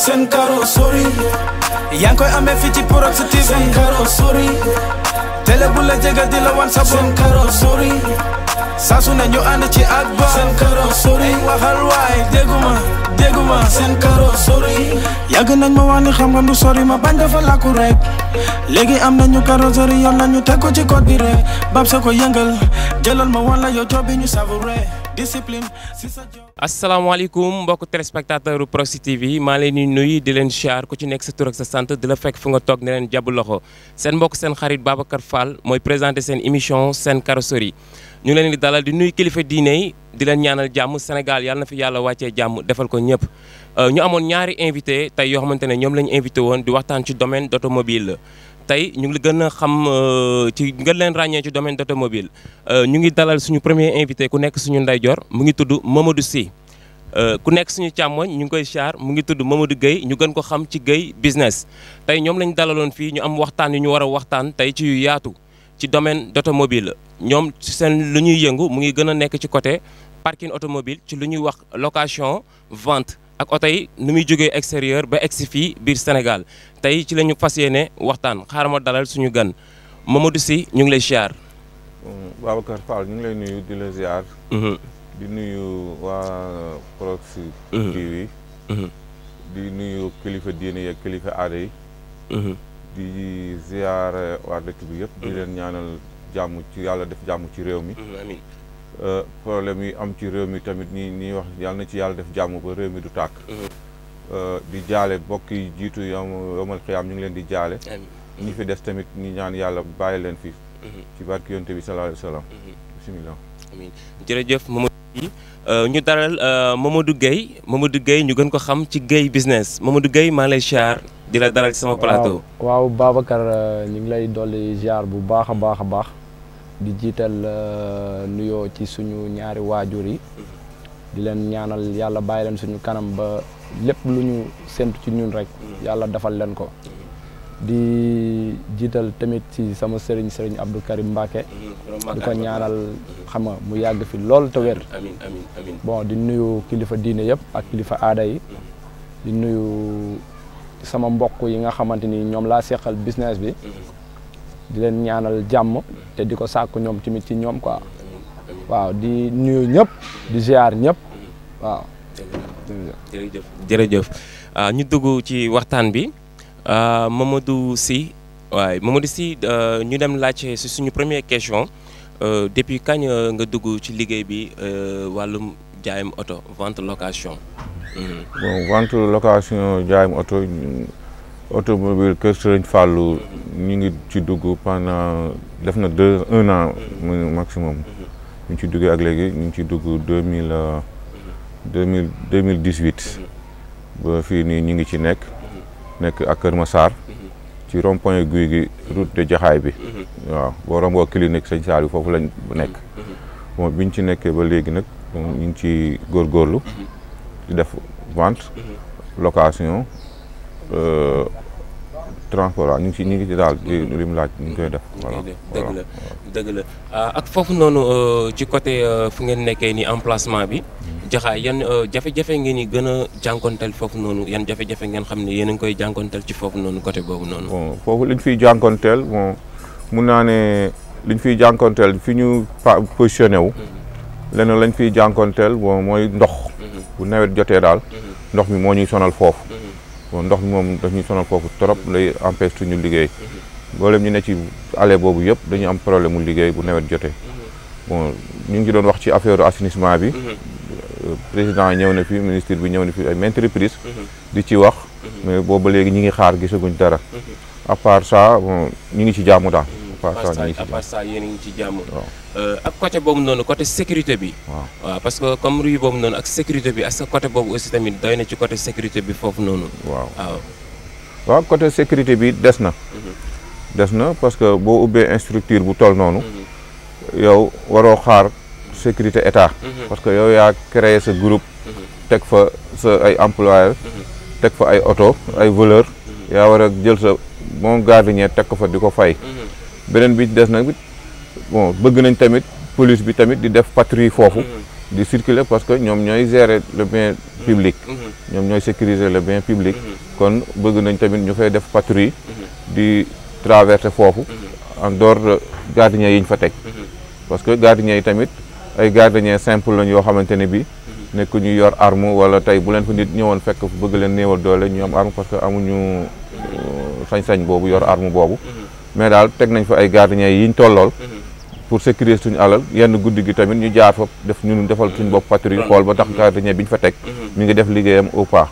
Sen karo sorry Yang koy amee fii ci Proxi TV Sen karo sorry télé bu la jege di la wan sa Sen karo sorry saa su ne ñu ànd ci ak Sen karo sorry waxal waay deguma. dégguma Sen karo sorry yàgg nañ ma wax ni xam nga du sori ma bañ dafa làkku rek léegi am karo carrosserie yoon nañu teg ko ci code bi rek bab sa ko yëngal jëlal ma wan la yow job ñu savourer discipline si sa jox. asalaamaaleykum mbokk téléspectateur Proxi TV maa leen nuy nuyu di leen siyaar ku ci nekk sa tur sa sant di la fekk fu nga toog ne leen jàbb loxo seen mbokk seen xarit Babacar Fall mooy présenté seen émission seen carrosserie ñu leen di dalal di nuyu kilifa diine di leen ñaanal jàmm Sénégal yàlla na fi yàlla wàccee jàmm defal ko ñëpp euh, ñu amoon ñaari invité tey yoo xamante ne ñoom la ñu invité woon di waxtaan ci domaine d' la tey ñu ngi gën a xam euh, ci gën leen ràññee ci domaine d' automobile euh, ñu ngi dalal suñu premier invité ku nekk suñu ndeyjoor mu ngi tudd Mamadou Sy euh, ku nekk suñu càmmoñ ñu ngi koy char mu ngi tudd Mamadou Guèye ñu gën ko xam ci Guèye business tey ñoom lañ dalaloon fii ñu am waxtaan yu ñu war a waxtaan tey ci yaatu ci domaine d' automobile ñoom seen lu ñuy yëngu mu ngi gën a nekk ci côté parking automobile ci lu ñuy wax location vente ak oto yi nu muy joggé extérieur ba egsi fi bir Sénégal tay ci lañu fassiyéné fas yéene waxtaan xaaral dalal suñu gan Mamadou Sy ñu ngi lay ziar. Mm, Babacar Fall ñu ngi lay nuyu di la ziar. Mhm. di nuyu wa proxy mhm. TV. Mhm. di nuyu kilifa diiné ya kilifa aada yi. di ziar wa dëkk bi yëpp. di leen ñaanal jamu ci yalla def jamu ci réew mi. amiin Euh, problème yi am ci réew mi tamit ñi ñuy wax yàlla na ci yàlla def jàmm ba réew mi du tàkk mhm. euh, di jaale bokk yi jiitu yom yomal xiyaam ñu ngi leen di jaale ñu fi des tamit ñu ñaan yàlla bàyyi leen fi mhm. ci barki yonte bi sallallahu alayhi wa sallam mhm. bisimilah amiin jërëjëf Mamadou euh, ñu daral Mamadou Gueye Mamadou ñu gën ko xam ci Gueye business Mamadou Gueye maa lay ziar di la daral ci sama plateau waaw Babacar ñu ngi lay dolli ziar bu baax a baax a baax di jiital euh, nuyoo ci suñu ñaari waajur yi mm-hmm. di leen ñaanal yàlla bàyyi leen suñu kanam ba lépp lu ñu séntu ci ñun rek mm-hmm. yàlla defal leen ko mm-hmm. di jiital tamit ci sama sëriñ sëriñ Abdou Karim Mbacke di ko ñaanal xama mu yàgg fi lool te bon di nuyu kilifa diine yëpp ak kilifa aada yi di nuyu sama mbokk yi nga xamante ni ñoom laa seqal business bi di leen ñaanal jàmm te di ko sàkk ñoom tamit ci ñoom quoi waaw di nuyu ñëpp di ziar ñëpp waaw. jërëjëf ah, ñu dugg ci waxtaan bi ah, Mamadou Sy waaye Mamadou Sy ah, ñu dem laaj si suñu premier question depuis kañ nga dugg ci liggéey bi wàllum jaayam oto vente location. Hmm. bon vente location jaayam oto. automobile Kër Sëriñ Fallou ñu ngi ci dugg pendant def na deux un an maximum ñu ci duggee ak léegi ñu ngi ci dugg deux mille deux mille deux mille dix huit ba fii nii ñu ngi ci nekk nekk ak Kër Massar ci rond point guy gi route de Jaxaay bi waaw boo romboo clinique Sëñ Saaliu foofu lañ nekk bon biñ ci nekkee ba léegi nag ñu ngi ci góor góorlu def vente location Euh, transport waaw ñu ngi si ñu daal di li mu laaj ñu koy def. voilà dëgg la ah, ak foofu noonu euh, ci côté euh, fu ngeen nekkee ni emplacement bi. Hmm. jaxaay yan jafe-jafe ngeen ñi gën a jànkonteel foofu noonu yan jafe-jafe ngeen xam ne yéen a ngi koy jànkonteel ci foofu noonu côté boobu noonu. bon foofu liñ fiy jànkonteel moo mun naa ne liñ fiy jànkonteel fi ñu pa positionné wu. Hmm. leneen lañ fiy jànkonteel bon mooy ndox. Hmm. bu nawet jotee daal. ndox mi moo ñuy sonal foofu. bon ndox mi moom daf ñu sonal foofu trop lay empêche suñu liggéey mboolem ñu ne ci allée boobu yëpp dañu am problème mu liggéey bu nawet jotee bon ñu ngi ci doon wax ci affaire assainissement bi président ñëw na fi ministre bi ñëw na fi ay maintes reprises di ci wax mais boobu léegi ñi ngi xaar gisaguñ dara à part ça bon ñu ngi ci jaamu daal part ça à part yéen a ngi ci jàmm euh, ak côté boobu noonu côté sécurité bi waaw parce que comme rue boobu noonu ak sécurité bi est-ce que côté boobu aussi tamit na ci côté sécurité bi foofu noonu waaw waaw waaw côté sécurité bi des na mhm. des na parce que boo ubbee instructure bu toll noonu mhm. yow waroo xaar sécurité état mhm. parce que yow yaa créé sa groupe teg fa sa ay employeur teg fa ay oto ay voleur yaa war a jël sa moom gardien teg ko fa di ko fay beneen bi des nag bon bëgg nañ tamit police bi tamit di def patrouille foofu. Mm-hmm. di circuler parce que ñoom ñooy gérer le bien public. Mm-hmm. ñoom ñooy sécuriser le bien public. Mm-hmm. kon bëgg nañ tamit ñu fay def patrouille. di traverser foofu. en dehors de gardien yi ñu fa teg. parce que gardien yi tamit ay gardien simple lañ yoo xamante ne bii. nekk ñu yor arme wala tey bu leen fa nit ñëwoon fekk bëgg leen néewal doole ñu am arme parce que amuñu euh, sañ-sañ boobu yor arme boobu. mais daal teg nañ fa ay gardiens yi ñu tollool mhm. pour sécuriser suñu alal yenn guddi gi tamit ñu jaar fa def ñu ñun defal suñu bopp patrouille mhm. xool ba tax gardien bi biñ fa teg mu mhm. ngi def liggéeyam au pas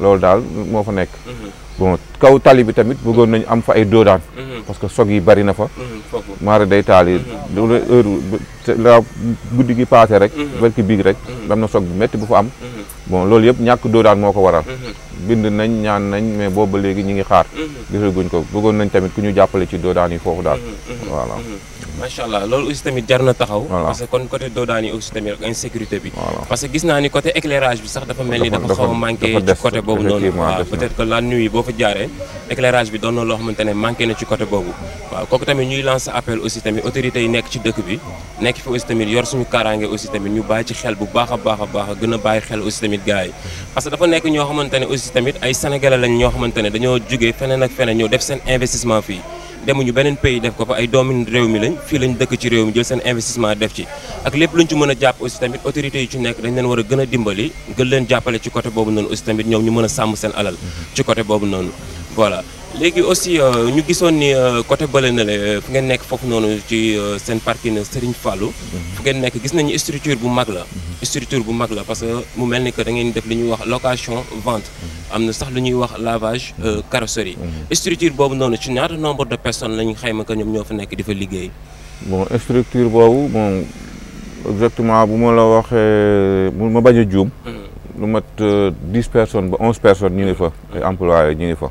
loolu daal moo fa nekk bon kaw tali bi tamit bëggoon nañu am fa ay doodaan parce que sog yi bari na fa maara day taali yi loolu la guddi gi passé rek barki biig rek am na sog bu métti bu fa am bon loolu yëpp ñàkk dóoraan moo ko waral mhm. bind nañ ñaan nañ mais boobu ba léegi ñi ngi xaar mhm. gisaguñ ko bëggoon nañ tamit ku ñu jàppale ci dóoraan yi foofu daal mhm, voilà macha allah loolu aussi tamit jar na taxaw. parce que kon côté doodaan yi aussi tamit ak insécurité bi. parce que gis naa ni côté éclairage bi sax dafa mel ni dafa xaw a manqué ci côté boobu noonu. waaw peut-être que la nuit boo fa jaaree éclairage bi doon na loo xamante ne manqué na ci côté boobu. waaw kooku tamit ñuy lancer appel aussi tamit autorités yi nekk ci dëkk bi nekk fi aussi tamit yor suñu kaaraange aussi tamit ñu bàyyi ci xel bu baax a baax a baax a gën a bàyyi xel aussi tamit gars yi. parce que dafa nekk ñoo xamante ne aussi tamit ay sénégalais lañ ñoo xamante ne dañoo jugee feneen ak feneen ñëw def seen investissement fii demuñu beneen pays def ko fa ay doomi réew mi lañ fii lañ dëkk ci réew mi jël seen investissement def ci ak lépp luñ ci mën a jàpp aussi tamit autorités yi ci nekk dañ leen war a gën a dimbali gën leen jàppale ci côté boobu noonu aussi tamit ñoom ñu mën a sàmm seen alal ci côté boobu noonu voilà légui aussi euh, ñu gissone ni euh, côté bële na euh, fu ngeen nekk foofu nonu ci sen parking Serigne Fallou. Mhm. fu ngeen nekk giss nañu structure bu mag la. Mhm. structure bu mag la parce que mu melni que da ngeen def li wax location vente. Mhm. amna sax lu wax lavage carrosserie. structure bobu nonu ci ñaata nombre de personnes lañu xayma que ñoom ñoo fa nekk di fa liggéey. bon structure bobu bon exactement bu ma la waxee bu ma baña a lu mat 10 personnes ba 11 personnes ñu ne fa. ay employés ñu ne fa.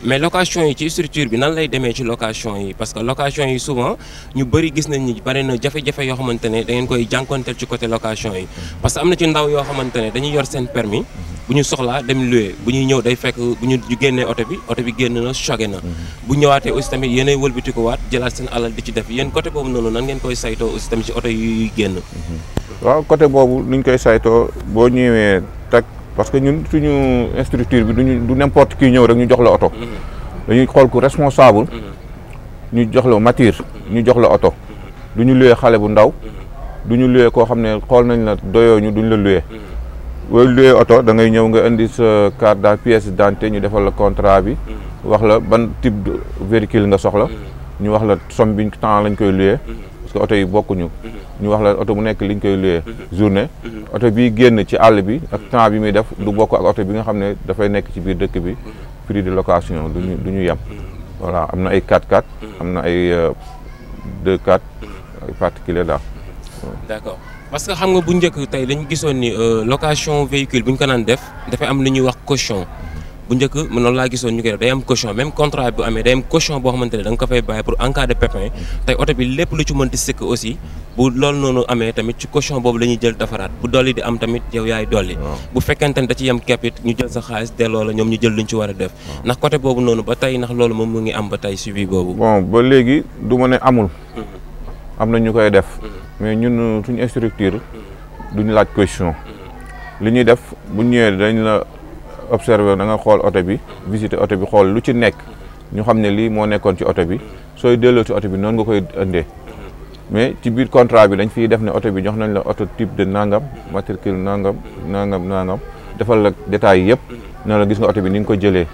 mais location yi ci structure bi nan lay demee ci location yi parce que location yi souvent ñu bëri gis nañ ni bari na jafe-jafe yoo xamante ne da koy jànkonteel ci côté location yi parce que am na ci ndaw yoo xamante ne dañuy yor seen permis bu ñu soxlaa dem loué bu ñuy ñëw day fekk bu ñu génnee oto bi oto bi génn na choqué na bu ñëwaatee aussi tamit yéenay wëlbati ko waat jëlaat seen alal di ci def yéen coté boobu noonu nan ngeen koy saytoo aussi tamit ci oto génn waaw côté boobu nuñ koy saytoo boo ñëwee tak parce que ñun ñu structure bi duñu du n'importe qui ñëw rek ñu jox la oto mhm. dañuy xool ku responsable mhm. ñu jox la mature mhm. ñu jox la oto du ñu luwee xale bu ndaw du ñu luwee koo xam ne xool nañ la doyoo ñu duñ la luwee booy luwee oto da ngay ñëw nga indi sa carte d' pièce d'identité ñu defal la contrat bi wax la ban type de nga soxla ñu wax la somme bi temps lañ koy luye parce que oto yi bokkuñu ñu wax la oto bu nekk liñ koy luyee journée auto bi génn ci àll bi ak temps bi muy def du bokk ak oto bi nga xam ne dafay nekk ci biir dëkk bi prix de location duñu du ñu yem voilà am na ay 4x4 am na ay 2x4 euh, ay particulier daal d'accord parce que xam nga bu njëkk tey dañu gisoon euh, location véhicule bu ñu ko naan def dafay am lu ñuy wax caution bu njëkk mën noonu laa gisoon ñu koy def day am caution même contrat bu amee day am caution boo xamante ne ko fay bàyyi pour en de pépin tey oto bi lépp lu ci mën di sëkk aussi bu loolu noonu amee tamit ci caution boobu la ñuy jël defaraat bu dolli di am tamit yow yaay dolli bu fekkente ne da ci yem keppit ñu jël sa xaalis delloo la ñoom ñu jël luñ ci war a def ndax côté boobu noonu ba tey ndax loolu moom mu ngi am ba tey suivi boobu bon ba mm-hmm. na ñu koy def mm-hmm. mais ñun suñu structure mm-hmm. duñu laaj caution li ñuy def bu observé da nga xool oto bi visité oto bi xool lu ci nekk ñu xam ne lii moo nekkoon ci oto bi sooy delloo ci oto bi noonu nga koy indee mais ci biir contrat bi dañ fiy def ne oto bi jox nañ la oto type de nangam matricule nangam nangam nangam defal la détails yëpp na la gis nga oto bi ni nga ko jëlee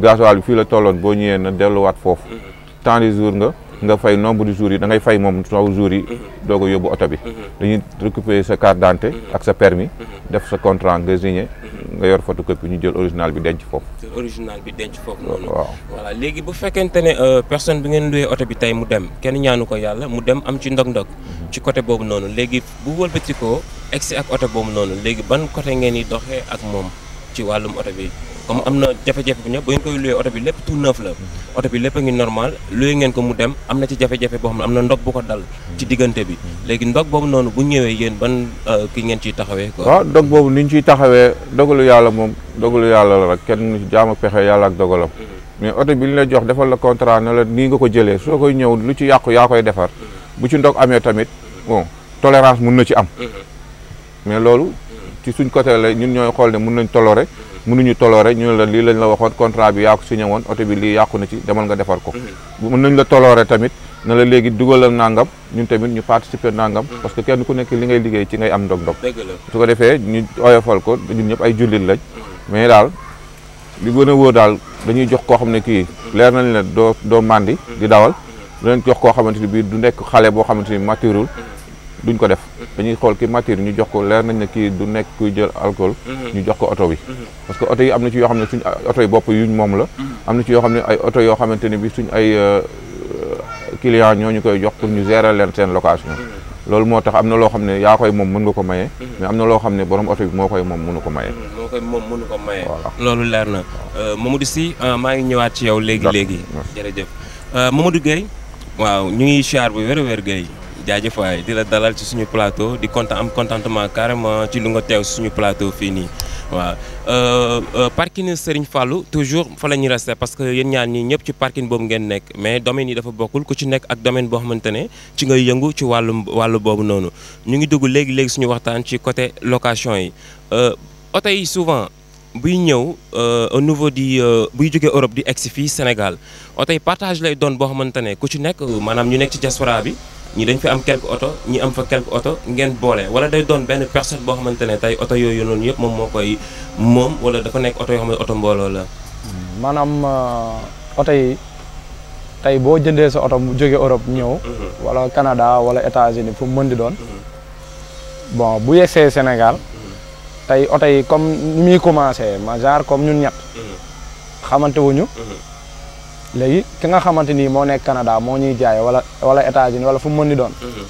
gasoil bi fii la tolloon boo ñëwee na delluwaat foofu temps de jour nga nga fay nombre de jours yi da ngay fay moom nombre de yi mhm. doo ko yóbbu oto bi mhm. dañuy récupérer sa carte mhm. ak sa permis def sa contrant nga signé nga yor photocopie ñu jël original bi denc foofu original bi denc foofu noonu waaw voilà léegi bu fekkente ne euh, personne bi ngeen duyee oto bi tey mu dem kenn ñaanu ko yàlla mu dem am ci ndog-ndog ci côté boobu noonu léegi bu wëlbatikoo egsi ak oto boobu noonu léegi ban côté ngeen di doxee ak moom ci wàllum oto bi comme am na jafe-jafe bu ñëpp ba ngeen koy loué oto bi lépp tout neuf la oto bi lépp a ngi normal loué ngeen ko mu dem am na ci jafe-jafe boo xam ne am na ndog bu ko dal ci diggante bi léegi ndog boobu noonu bu ñëwee yéen ban euh, ki ngeen ciy taxawee a waaw ndog boobu ni ñu ciy taxawee dogalu yàlla moom dogalu yàlla la rek kenn nu ci pexe yàlla ak dogalam mm-hmm. mais oto bi li la jox defal la contrat ne la nii nga ko jëlee soo koy ñëw lu ci yàqu yaa koy defar mm-hmm. bu ci ndog amee tamit bon tolérance mun na ci am mm-hmm. mais loolu ci suñ côté la ñun ñooy xool ne mun nañ toléré mënuñu toloore ñu ne la lii lañ la waxoon contrat bi yaa ko signé woon oto bi lii yàqu na ci demal nga defar ko mhm. na nañ la toloore tamit na la léegi dugalal nangam ñun tamit ñu participer nangam mhm. parce que kenn ku nekk li ngay liggéey ci ngay am ndog-ndog su ko defee ñu oyofal ko ñun ñëpp ay jullit lañ mhm. mais daal li gën a wóor daal dañuy jox koo xam ne kii leer nañ la doo doo màndi di dawal dinañ jox koo xamante ni bii du nekk xale boo xamante ni maturul duñ ko def dañuy xool ki mature ñu jox ko leer nañ ne kii du nekk ku jël alcool mhm. ñu jox ko oto bi mhm. parce que oto yi am na ci yoo xam ne suñ oto yi bopp yuñ moom la mhm. am na ci yoo xam ne ay oto yoo xamante ne bi suñ ay euh, euh, client ñoo ñu koy jox ñu gérer leen seen loolu moo tax am na loo xam ne yaa koy moom mën nga ko maye. mais am na loo xam ne borom oto bi moo koy moom mënu ko maye. moo koy moom mënu ko maye. voilà loolu leer na euh, Mamadou Sy maa ngi ñëwaat ci yow. léegi léegi jërëjëf Mamadou Gueye waaw ñu ngi siyaar bu wér-wér Gueye jaajëf waay di la dalal ci suñu plateau di kontaan am contentement carrément ci lu nga teew suñu plateau fii nii waaw euh, euh, parking Serigne Fallou toujours fa la ñuy resté parce que yéen ñaar ñii ñëpp ci parking boobu ngeen nekk mais domaine yi dafa bokkul ku ci nekk ak domaine boo xamante ne ci nga yëngu ci wàllu wàllu boobu noonu ñu ngi dugg léegi léegi suñu waxtaan ci côté location yi euh, oto souvent buy ñëw au niveau di buy jógee Europe di egsi fii Sénégal oto yi partage lay doon boo xamante ne ku ci nekk maanaam ñu nekk ci diaspora bi. ñi dañ fi am quelque oto ñi am fa quelque oto ngeen boole wala day doon benn personne boo xamante ne tey oto yooyu noonu yëpp moom moo koy moom wala dafa nekk oto yoo oto mbooloo hmm, maanaam uh, oto yi tey boo jëndee sa oto mu jóge Europe ñëw. Mhm. wala Canada wala États-Unis fu mën di doon. Mhm. bon bu yegsee Sénégal. Mhm. tey oto yi comme ni muy commencé ma comme ñun ñett. xamante wuñu léegi ki nga xamante ni moo nekk Canada moo ñuy jaay wala wala États-Unis wala fu mu mën di doon. Mm-hmm.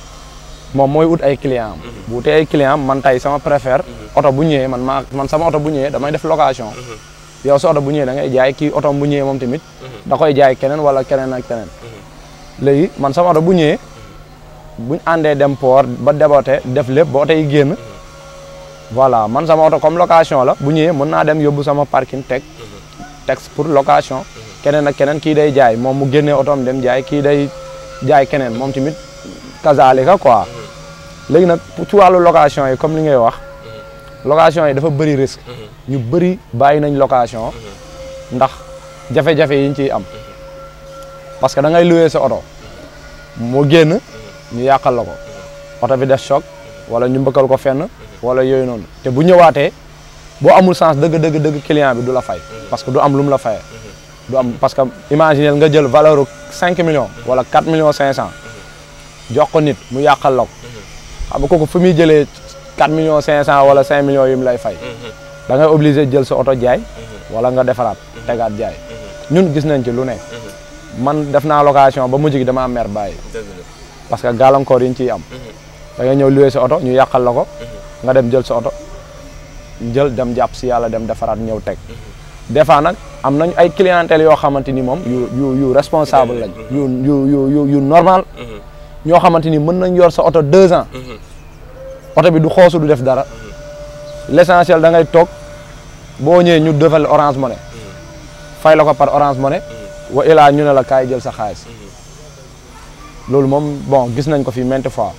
moom mooy ut ay client am. Mm-hmm. bu utee ay client am man tey sama préfère. Mm-hmm. oto bu ñëwee man maa man sama oto bu ñëwee damay def yow sa bu ñëwee da ngay jaay kii oto bu ñëwee moom tamit. da koy jaay keneen wala keneen ak keneen. man sama bu ñëwee. buñ àndee dem port ba déboote def lép ba oto yi génn. voilà man sama oto comme location la bu ñëwee mën naa dem yóbbu sama parking teg. teg pour location. keneen ak keneen kii day jaay moom mu génnee otoom dem jaay kii day jaay keneen moom tamit kazaalika quoi léegi nag ci wàllu location yi comme li ngay wax location yi dafa bëri risque ñu bëri bàyyi nañ location ndax jafe-jafe yi ñu ciy am parce que da ngay louer sa oto mu génn ñu yàqal la ko oto bi def choc wala ñu mbëkkal ko fenn wala yooyu noonu te bu ñëwaatee boo amul sens dëgg dëgg dëgg client bi du la fay parce que du am lu mu la fayee du am parce que imaginer nga jël valeur cinq million wala quatre millions cinq cent jox ko nit mu yàqal la ko xam nga kooku fu muy jëlee quatre million cinq cent wala cinq millions yi lay fay mhm. dangay ngay jël sa oto jaay mhm. wala nga defaraat tegaat jaay mhm. ñun gis nañ ci lu ne man def naa location ba mu gi dama am mer bàyyi parce que gàllankoor yi ñu ciy am da ngay ñëw louer si oto ñu yàqal la ko nga dem jël sa oto jël dem jàpp si yàlla dem defaraat ñëw teg des fois nag am nañu ay clientèle yoo xamante ni moom yu yu responsable lañ. yu yu yu yu normal. Mm-hmm. ñoo xamante ni mën nañ yor sa oto deux ans. Mm-hmm. oto bi du xoosu du def dara. Mm-hmm. l' essentiel da ngay toog boo ñëwee ñu defal orange money. fay la ko par orange money. wa ilaa ñu ne la kaay jël sa xaalis. loolu moom bon gis nañ ko fi maintes fois.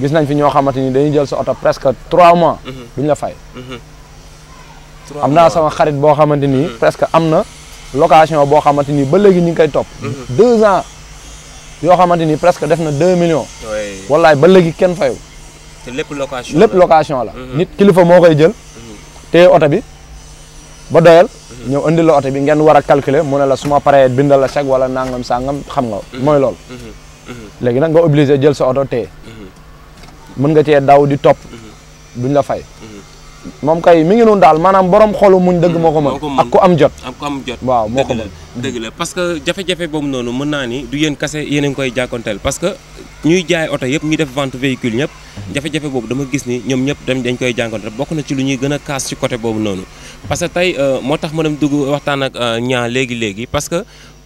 gis nañ fi ñoo xamante ni dañu jël sa oto presque trois mois. duñ la fay. am naa sama xarit boo xamante ni. Hmm. presque am na location boo xamante ni ba léegi ñu ngi koy topp. Hmm. deux ans yoo xamante ni presque def na deux millions. wallaay ba léegi kenn fayu. te lépp location la lépp location la. Hmm. nit kilifa moo koy jël. te oto bi ba doyal. ñëw indi la oto bi ngeen war a calculer mu ne la suma paree bindal la chèque wala nangam sangam xam nga. mooy loolu. léegi nag nga obligé jël sa oto téye. mën nga cee daw di topp duñ la fay. moom kay mi ngi noonu daal maanaam borom xolu muñ dëgg moo ko mën ak ku am jot waaw moo ko mën dëgg jafe-jafe boobu noonu mën naa ni du yéen kase yéen a ngi koy jàkkonteel parce que ñuy jaay oto yëpp ñuy def vente véhicule ñëpp jafe-jafe boobu dama gis ni ñoom ñëpp dañ dañ koy jànkonteel bokk na ci lu ñuy gën a kaas ci côté boobu noonu parce que tey euh, moo tax ma dem dugg waxtaan ak euh, ñaa léegi-léegi parce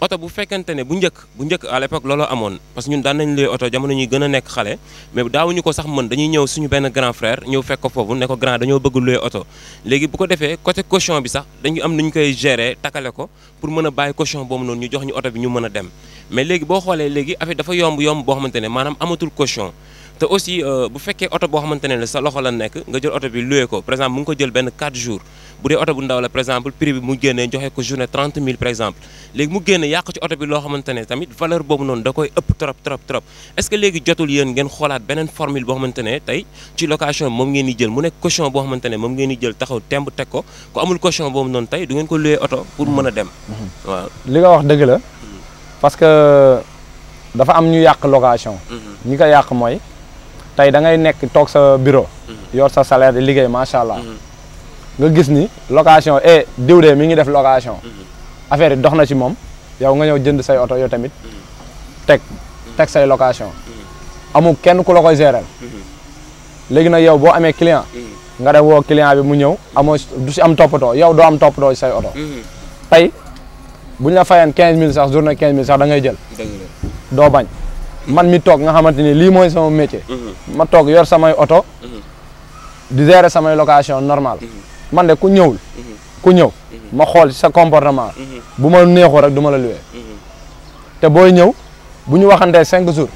auto bu fekkante ne bu ñëk bu ñëk à l'époque lolo amone parce que ñun daan nañ lay auto jamono ñuy gëna a nekk xale mais daawuñu ko sax mën dañuy ñëw suñu benn grand frère ñëw fekk ko fofu ne ko grand dañoo bëgg lee auto légui bu ko défé côté caution bi sax dañu am nuñ koy gérer takalé ko pour mëna a bàyyi caution boobu noonu ñu jox ñu auto bi ñu mëna dem mais légui bo xolé légui affaire dafa yomb yomb bo xamantene manam amatul caution té aussi euh, bu fekké auto bo xamantene ne sa loxo la nekk nga jël auto bi loué ko par exemple mu ngi ko jël benn 4 jours bu dee oto bu ndaw la par exemple prix bi mu génnee joxe ko journée 30 000 par exemple léegi mu génne yàq ci oto bi loo xamante ne tamit valeur boobu noonu da koy ëpp trop trop trop est ce que léegi jotul yéen ngeen xoolaat beneen formule boo xamante ne tey ci location moom ngeen di jël mu nekk caution boo xamante ne moom ngeen di jël taxaw temb teg ko ku amul caution boobu noonu tey du ngeen ko loué oto pour mën a dem mhm. waaw li nga wax dëgg la mhm. parce que dafa am ñu yàq location mhm. ñi ko yàq mooy tey da ngay nekk toog sa bureau yor sa salaire liggéey macha allah nga gis ni location e diw de mi ngi def location mm-hmm. affaire yi dox na ci moom yow nga ñëw jënd say oto yow tamit mm-hmm. teg teg say location mm-hmm. amu kenn ku la koy léegi nag yow boo amee client nga dem woo client bi mu ñëw amoo du si am toppatoo yow doo am toppatoo say oto tey bu ñu la fayeen quinze mille sax journée quinze mille sax da ngay jël doo bañ man mi toog nga xamante ni lii mooy sama métier ma toog yor samay oto di gérer samay location normal man de ku ñëwul. Mhm. ku ñëw mhm. ma xool sa comportement. Mhm. bu ma neexoo rek du ma la luwee. te booy ñëw bu ñu waxantee cinq jours.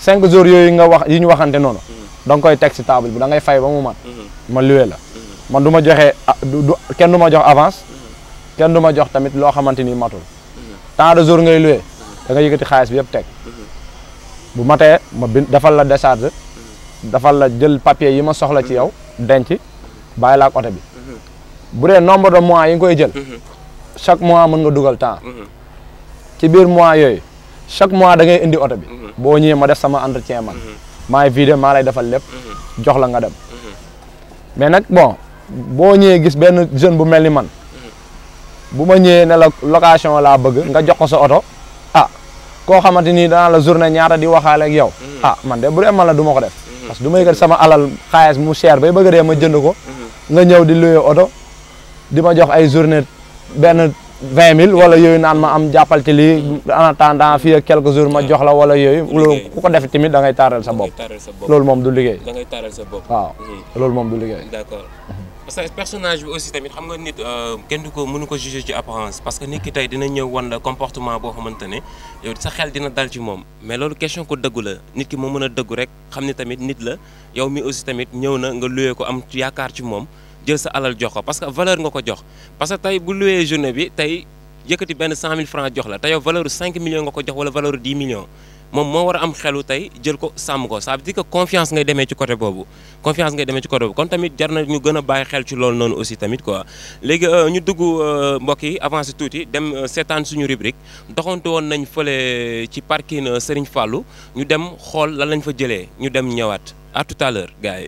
cinq jours yooyu nga wax yi ñu waxante noonu. da koy teg si taabul bi da fay ba mu mat. ma luwee la man du ma joxe ah, du kenn du ma jox avance. kenn du ma jox tamit loo xamante ni matul. tant de jours ngay luwee da nga yëkkati xaalis bi yëpp teg. bu matee ma bind defal la décharge. dafal la jël papier yi ma soxla ci yow denc bàyyi la ak bi. bu dee nombre de mois yi nga koy jël. Mhm. chaque mois mën nga dugal temps. Mhm. ci bir mois yoy chaque mois da ngay indi auto bi. Mhm. bo ñëw ma def sama entretien man. may vidé ma lay defal lepp jox la nga dem. mais nak bon bo ñëw gis ben jeune bu melni man. bu ma ñëwee ne la location la bëgg nga jox ko sa auto ah ko xamanteni da la journée ñaata di waxale ak yow. ah man de bu dee man la duma ko def. parce que du ma sama alal xaalis mu cher bay bëgg dee ma jënd ko. nga ñëw di loyer auto di ma jox ay journée benn vingt mille wala yooyu naan ma am jàppal ci lii en attendant fii ak quelques jours ma ah. jox la wala yooyu loolu ku ko def timit da ngay taaral sa bopp loolu moom du liggéey da ngay taaral sa bopp waaw loolu moom du liggéey d'accord parce que bi aussi tamit xam nga nit euh, kenn du ko mënu ko juger ci apparence parce que nit ki tey dina ñëw wan la comportement boo xamante ne yow sa xel dina dal ci moom mais loolu question ko dëggu la nit ki moo mën a dëggu rek xam ni tamit nit la yow mi aussi tamit ñëw na nga luyee ko am yaakaar ci moom jël sa alal jox ko parce que valeur nga ko parce que tey bu journée bi tey yëkkati benn cent francs jox la valeur millions nga ko jox wala valeur millions moom moo am xelu ko ça veut dire que confiance ngay demee ci côté boobu confiance ngay ci côté kon tamit a aussi tamit quoi euh, ñu euh, mbokk yi dem euh, seetaan suñu rubrique woon nañ ci parking Serigne Fallou ñu dem xool lan lañ fa ñu dem ñëwaat à tout à l'heure gars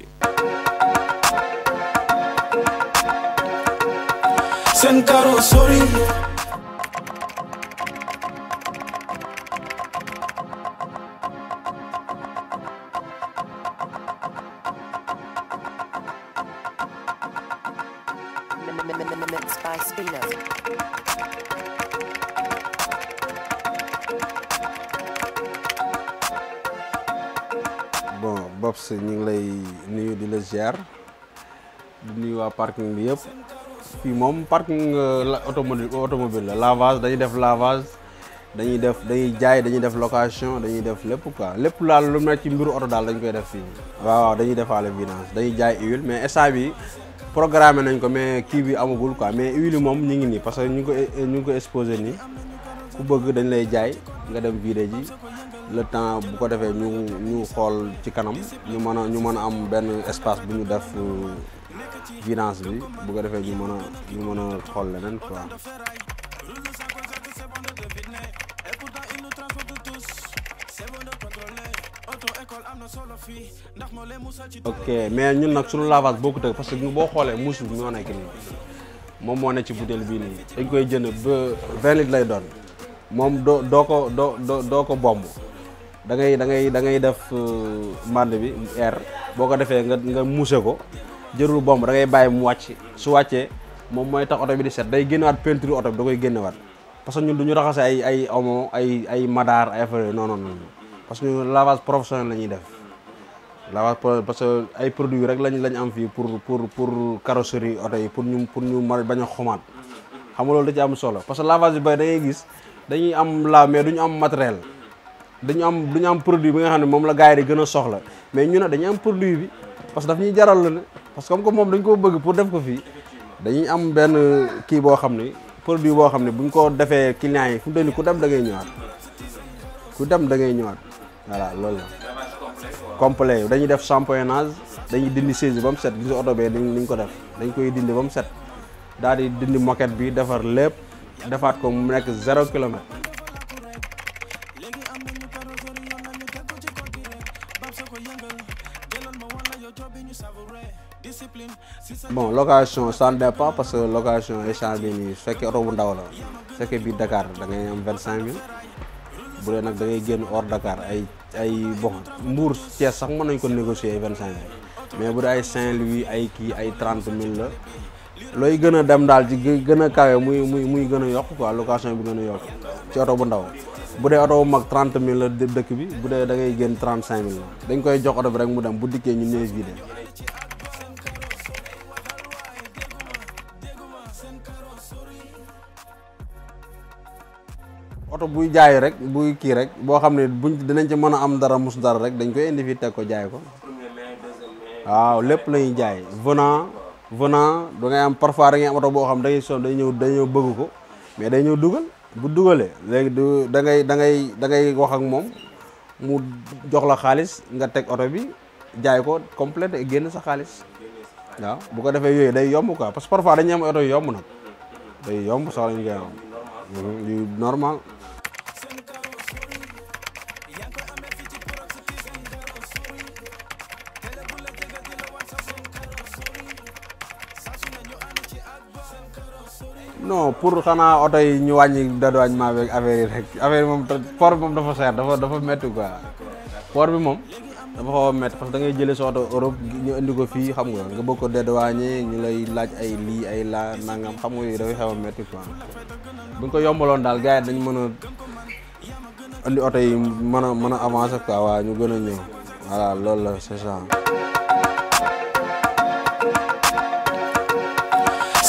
Sen encaró, sorry. bon lay nuyu di la ziar di parking de fii moom parking euh, automobile automobile la lavage dañuy def lavage dañuy def dañuy jaay dañuy def location dañuy def lépp quoi lépp laal lu mu nekk ci mbiru oto daal dañu koy def fii waaw waaw dañuy defaale vidange dañuy jaay huile mais instant bi programmé nañ ko mais kii bi amagul quoi mais huile yi moom ñu ngi nii parce que ñu ngi ko ñu ngi exposé nii ku bëgg dañ lay jaay nga dem vidé ji le temps bu ko defee ñu ñu xool ci kanam ñu mën a ñu mën a am benn espace bu ñu def euh, finance bi bu ko defee ñu mën a ñu mën a xool leneen quoi. ok mais ñun nag suñu lavage boo ko tëgg parce que ñu boo xoolee muus bi ñoo nekk moom moo ne ci butéel bii nii dañ koy jënd ba vingt litres lay doon moom doo doo ko doo doo doo ko bomb da ngay da ngay da ngay def euh, mànd bi air boo ko defee nga nga muuse ko jërul bom da ngay bàyyi mu wàcc su waccé mom moy tax auto bi di set day génnewaat peinture auto bi da koy génnewaat parce que ñun duñu raxassé ay ay omo ay ay madar ay fa non non non parce que ñu lavage professionnel lañuy def lavage parce que ay produits rek lañ lañ am fi pour pour pour carrosserie auto yi pour ñu pour ñu mën baña xomat xam nga lolu da ci am solo parce que lavage bi bay da ngay gis dañuy am la mais duñu am matériel dañu am duñu am produit bi nga xamne mom la gaay yi di gën soxla mais ñu na dañu am produit bi parce que daf ñuy jaral parce que comme que moom dañ koo bëgg pour def ko fii dañuy am benn kii boo xam ne produit boo xam ne buñ ko defee client yi fu mu toll nii ku dem da ngay ñëwaat ku dem da ngay ñëwaat voilà loolu la. complet dañuy def championnage dañuy dindi chaise ba mu set gis oto bee dañ ko def dañ koy dindi ba mu set daal di dindi moquette bi defar lépp defaat ko mu nekk zéro kilomètre. bon location ça ne parce que location échange bi nii su fekkee oto bu ndaw la su fekkee biir Dakar da ngay am vingt cinq mille bu dee nag da ngay génn hors Dakar ay ay bon Mbour Thiès sax mën nañ ko négocier vingt cinq mille mais bu dee ay Saint-Louis ay kii ay trente mille la looy gën a dem daal ci gën a kawe muy muy muy gën a yokk quoi location bi gën a yokk ci oto bu ndaw bu dee oto bu mag trente mille la dëkk bi bu dee da ngay génn trente cinq mille la dañ koy jox rek mu dem bu dikkee ñu nees bi de oto buy jaay rek buy kii rek boo xam ne buñ dinañ ci mën a am dara mus dara rek dañ koy indi fii teg ko jaay ko waaw lépp la jaay venant venant da ngay am parfois da oto boo xam dangay day ñëw day ñëw bëgg ko mais day ñëw dugal bu dugalee léegi du da ngay da ngay da ngay wax ak moom mu jox la xaalis nga teg oto bi jaay ko complète génn sa xaalis waaw bu ko defee yooyu day yomb quoi parce que parfois am oto yomb nag day yomb soxla ñu koy mhm, normal non pour xanaa oto yi ñu wàññi dédouanement beeg affaire yi rek affaire yi moom port bi moom dafa cher dafa dafa métti quoi port bi moom dafa xaw a métti parce que da ngay jëlee sa oto Europe ñu indi ko fii xam nga nga bëgg ko dédouané ñu lay laaj ay lii ay laa nangam xam nga yooyu dafay xaw a métti quoi bu ñu ko yombaloon daal gars yi dañ mën a indi oto yi mën a mën a avancer quoi waaw ñu gën a ñëw voilà loolu la c'est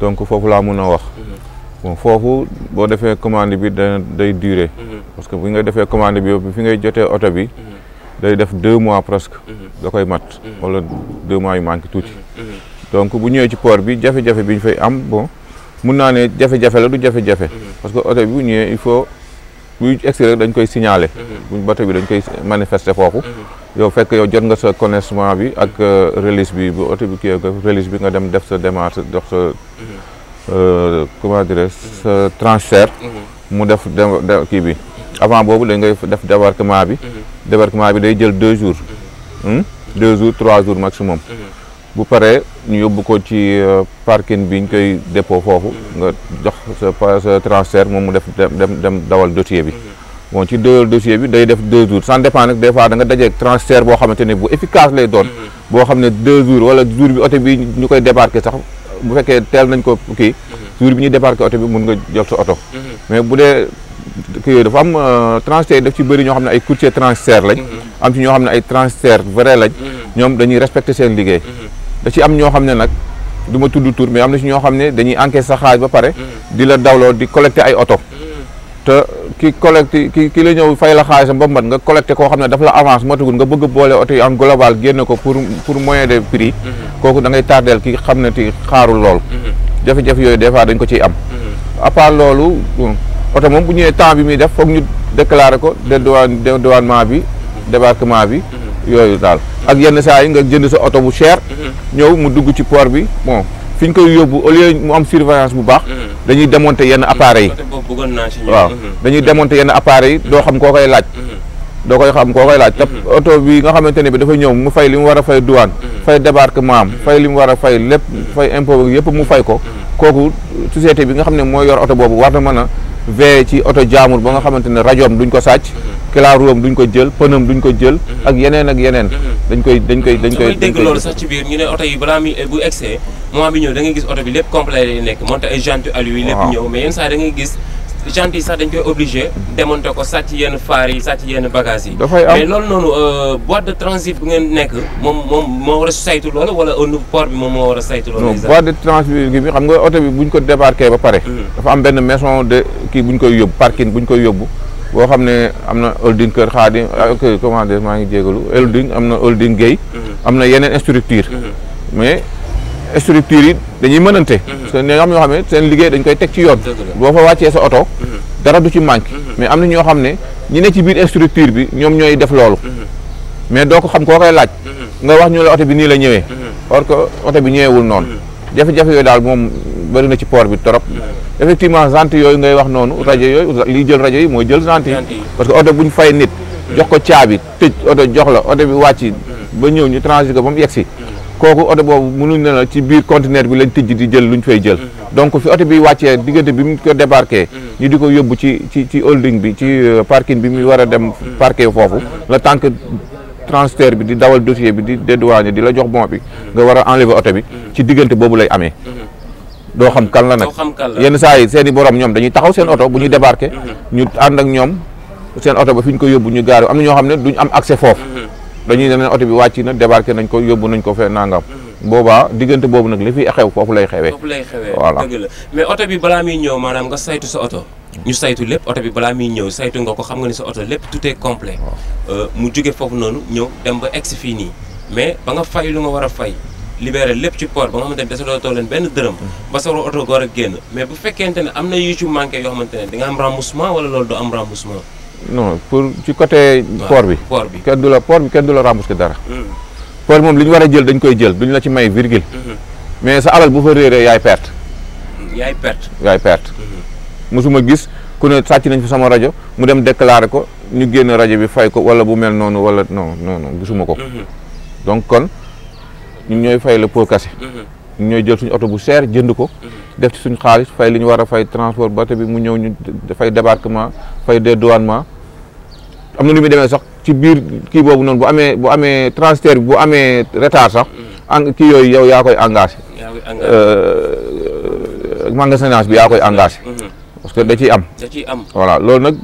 donc foofu laa mun a wax. Mhm. bon foofu boo defee commande bi dana day dure mhm. parce que bu ngay defee commande bi fi ngay jotee oto bi. Mhm. day def deux mois presque. da koy mat. wala deux mois yu manqué tuuti. donc bu ñëwee ci port bi jafe-jafe bi ñu fay am bon mun naa ne jafe-jafe la du jafe-jafe. parce que oto bi bu ñëwee il faut buy egsi dañ koy signaler. buñ bato bi dañ koy manifester foofu. yow fekk yow jot nga sa connaissement bi ak euh, release bi bu oto bi kii release bi nga dem def sa démarche dox sa mhm. euh, comment dirais sa transfert mhm. mu def kii bi avant boobu da ngay def débarquement bi mhm. débarquement bi day jël deux jours hmm? deux jours trois jours maximum bu paree ñu yóbbu ko ci euh, parking bi ñu koy dépôt foofu nga jox sa sa transfert moom mu def dem dem dawal dossier bi bon ci doyal dossier bi day def deux jours sans dépend nag des fois da nga dajeeg transfert boo xamante ne bu efficace lay doon mm-hmm. boo xam ne deux jours wala jour bi oto bi ñu koy débarqué sax bu fekkee teel nañ ko kii mm-hmm. jour bi ñuy débarqué oto bi mun nga jot sa oto mm-hmm. mais bu dee kii yooyu dafa am euh, transfert daf ci bëri ñoo xam ne ay courtier transfert lañ am ci ñoo xam ne ay transfert vrai lañ ñoom dañuy respecté seen liggéey da ci am ñoo xam ne nag du ma tudd tur mais am na si ñoo xam ne dañuy encaisse sa xaalis ba pare di la dawloo di collecté ay oto te ki collecté ki ki la ñëw fay la xaalisam ba mat nga collecté koo xam ne daf la avance matagul nga bëgg boole oto yi en global génne ko pour pour moyen de prix mm-hmm. kooku dangay ngay tardeel ki xam ne ti xaarul lool mm-hmm. jafe-jafe yooyu des fois dañ ko ci am mm-hmm. à loolu oto moom bu ñëwee temps bi muy def foog ñu déclaré ko dédouane dédouanement bi débarquement bi yooyu daal ak yenn saa yi nga jënd sa oto bu cher ñëw mu dugg ci port bi bon fi ñu koy yóbbu au lieu mu am surveillance bu baax. Mm-hmm. dañuy démonter yenn appareils yi. waaw mm-hmm. dañuy démonter yenn appareils yi doo xam koo koy laaj. Mm-hmm. doo koy xam koo koy laaj te oto bi nga xamante ne bi dafa ñëw mu fay li mu war a fay douane. fay débarquement am fay li mu war a fay lépp fay impôt yëpp mu fay ko. kooku société bi nga xam ne mooy yor oto boobu war na veillé ci oto jaamur ba nga xamante ne rajoom duñ ko sàcc kilaaruwam mhm. duñ ko jël pënam duñ ko jël mhm. ak yeneen ak yeneen mhm. dañ koy dañ koy dañ koy dégg loolu sax ci biir ñu ne oto yi balaa mi bu excès mois bi ñëw da gis oto bi lépp complet lay nekk monté ay jantu alu yi lépp ñëw mais yenn saa da ngay gis gendarmerie sax dañ koy obligé démonter ko sàcc yenn faar yi sàcc yenn bagages yi. dafay am mais loolu noonu euh, boîte de transit bu ngeen nekk moom moom moo war a saytu loolu wala au niveau port bi moom moo war a saytu loolu. non boîte de transit bi xam nga oto bi buñ ko débarqué ba pare. Hmm. dafa am benn maison de kii buñ koy yóbbu parking buñ koy yóbbu. boo xam ne am na holding Kër Xaadim ah, comment dire maa ngi jégalu holding am na holding Guèye. Hmm. am na yeneen structure hmm. mais structures yi dañuy mënante. Mhm. parce que ñoo xam ñoo xam ne seen liggéey dañ koy teg ci yoon. boo fa wàccee sa oto. Mhm. dara du ci manqué. Mhm. mais am na ñoo xam ne ñi ne ci biir structure bi ñoom ñooy def loolu. mais doo ko xam koo koy laaj. nga wax ñu la oto bi nii la ñëwee. or que oto bi ñëwewul noonu. jafe-jafe yooyu daal moom bëri na ci port bi trop. effectivement jante yooyu ngay wax noonu rajo yooyu liy jël rajo yi mooy jël jante yi. parce que oto bu ñu fay nit. jox ko caabi tëj oto jox la oto bi wàcc. ba ñëw ñu transit ko ba mu yegsi kooku oto boobu mënuñ ne la ci biir conteneur bi lañ tijj di jël luñ fay jël mm-hmm. donc fi oto bi wàccee diggante bi mu ko débarqué mm-hmm. ñu di ko yóbbu ci ci ci holding bi ci euh, parking bi muy war a dem mm-hmm. parqué foofu la tànk transfert bi di dawal dossier bi di dédouane di la jox bon bi nga war a enlever oto bi ci diggante boobu lay amee doo xam kan la nag yenn saa yi seen i borom ñoom dañuy taxaw seen oto bu ñuy débarqué ñu ànd ak ñoom seen oto ba fi ñu ko yóbbu ñu gaaru am na ñoo xam ne duñ am accès foofu dañuy ne auto bi wàcc na débarqué nañ ko yóbbu nañ ko fee nangam. Mm-hmm. boobaa diggante boobu nag li fi xew foofu lay xewee. foofu lay mais oto bi balaa muy ñëw maanaam nga saytu sa oto. ñu saytu lépp oto bi balaa muy ñëw saytu nga ko xam nga ni sa oto lépp tout est complet euh, mu jóge foofu noonu ñëw dem ba egsi fii nii mais ba nga fay lu nga war a fay libéré lépp ci port ba nga xamante ne desaloo too leen benn dërëm. Mm-hmm. ba sa oto war a génn mais bu fekkente ne am na yu yoo xamante ne di nga am remboursement wala loolu du non pour ci côté. port bi port bi kenn du la port bi kenn du la remboursé dara. Hmm. port moom li ñu war a jël dañ koy jël duñ la ci may virgule. Hmm. mais sa alal bu fa réeree yaay pert hmm, yaay perte yaay perte. gis ku ne sàcc nañ fa sama rajo mu dem déclaré ko ñu génn rajo bi fay ko wala bu mel noonu wala non non non gisuma ko. donc kon ñun ñooy fay la pot cassé. ñun ñooy jël suñu oto bu cher jënd ko. def ci suñu xaalis fay li ñu war a fay transport bateau bi mu ñëw ñu fay débarquement fay dédouanement. am na nu mu demee sax ci biir kii boobu noonu bu amee bu amee transfert bi bu amee retard sax. en kii yooyu yow yaa koy engagé. Euh, euh, magasinage bi yaa koy engagé. Mm-hmm. parce que da ciy am. da ciy am voilà loolu nag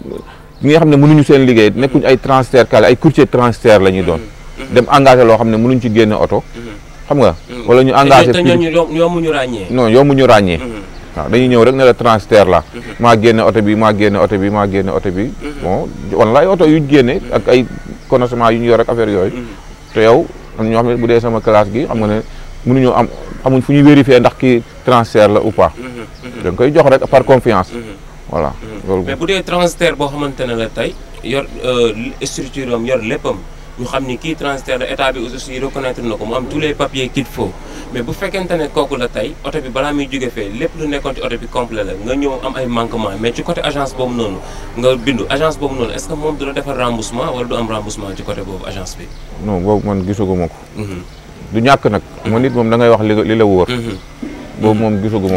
ñi nga xam ne mënuñu seen liggéey nekkuñ ay transfert kale ay courtier transfert la ñuy doon. Mm-hmm. Mm-hmm. dem engagé loo xam ne mënuñ ci génne oto. xam nga wala ñu engagé. te ñooñu yomb ñu ràññee. non ñu ràññee. waaw dañuy ñëw rek ne la transitaire la maa génne oto bi maa génne oto bi maa génne oto bi bon wan la ay oto yuñ génne ak ay connaissement yu ñu yor ak affaire yooyu mm-hmm. te yow am ñoo xam ne sama classe gi xam nga ne mënuñoo am amuñ fu ñuy vérifier ndax kii transitaire la ou pas mm-hmm. da koy jox rek par confiance mm-hmm. voilà loolu mais bu dee transitaire boo xamante ne la tey yor euh, structure am yor Nous avons dit que aussi reconnaître tous les papiers qu'il faut mais bu vous ne un la bi complet manquement mais côté est-ce que remboursement sais remboursement Je ne sais agence Je non sais pas. Je ne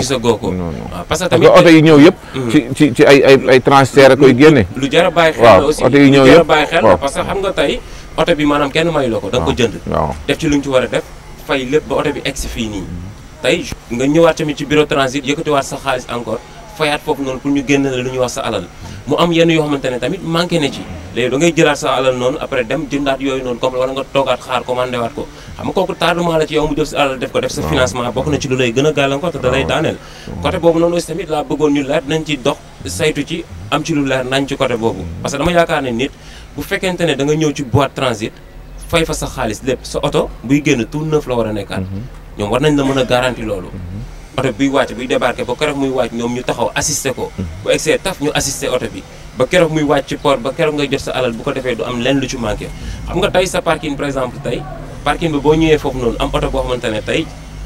sais pas. Je ne sais pas. Je ne sais pas. Je ne sais pas. Je ne sais pas. Je parce que Je ne sais pas. Je ne sais Je ne. pas. Je ne a pas. ne sais pas. Je ne parce que ne sais, pas. oto bi maanaam kenn mayu la ko da ko ah. jënd def ci lu ñu ci war a def fay lépp ba oto bi egsi fii nii tey nga ñëwaat tamit ci bureau transit yëkkatiwaat sa xaalis encore fayaat foofu noonu pour ñu génn la lu ñuy wax sa alal mu am yenn yoo xamante ne tamit manqué na ci léegi da jëlaat sa alal noonu après dem jëndaat yooyu noonu comme wala nga toogaat xaar commandé waat ko xam nga kooku tardement la ci yow mu jël sa alal def ko def sa financement a gàllankoor te da lay daaneel côté boobu bu fekkente ne da nga ñëw ci boîte transit fay fa sa xaalis lépp sa oto buy génn tout neuf la war a nekkaat. Mhm. ñoom war nañ la mën a garanti loolu. Mhm. oto bi buy wàcc buy débarqué ba keroog muy wàcc ñoom ñu taxaw assister ko. Mhm. bu egsee taf ñu assister oto bi. ba keroog muy wàcc ci port ba keroog ngay jot sa alal bu ko defee du am lenn lu ci manqué. xam nga tey sa parking par exemple tey parking bi boo ñëwee foofu noonu am oto boo xamante ne tey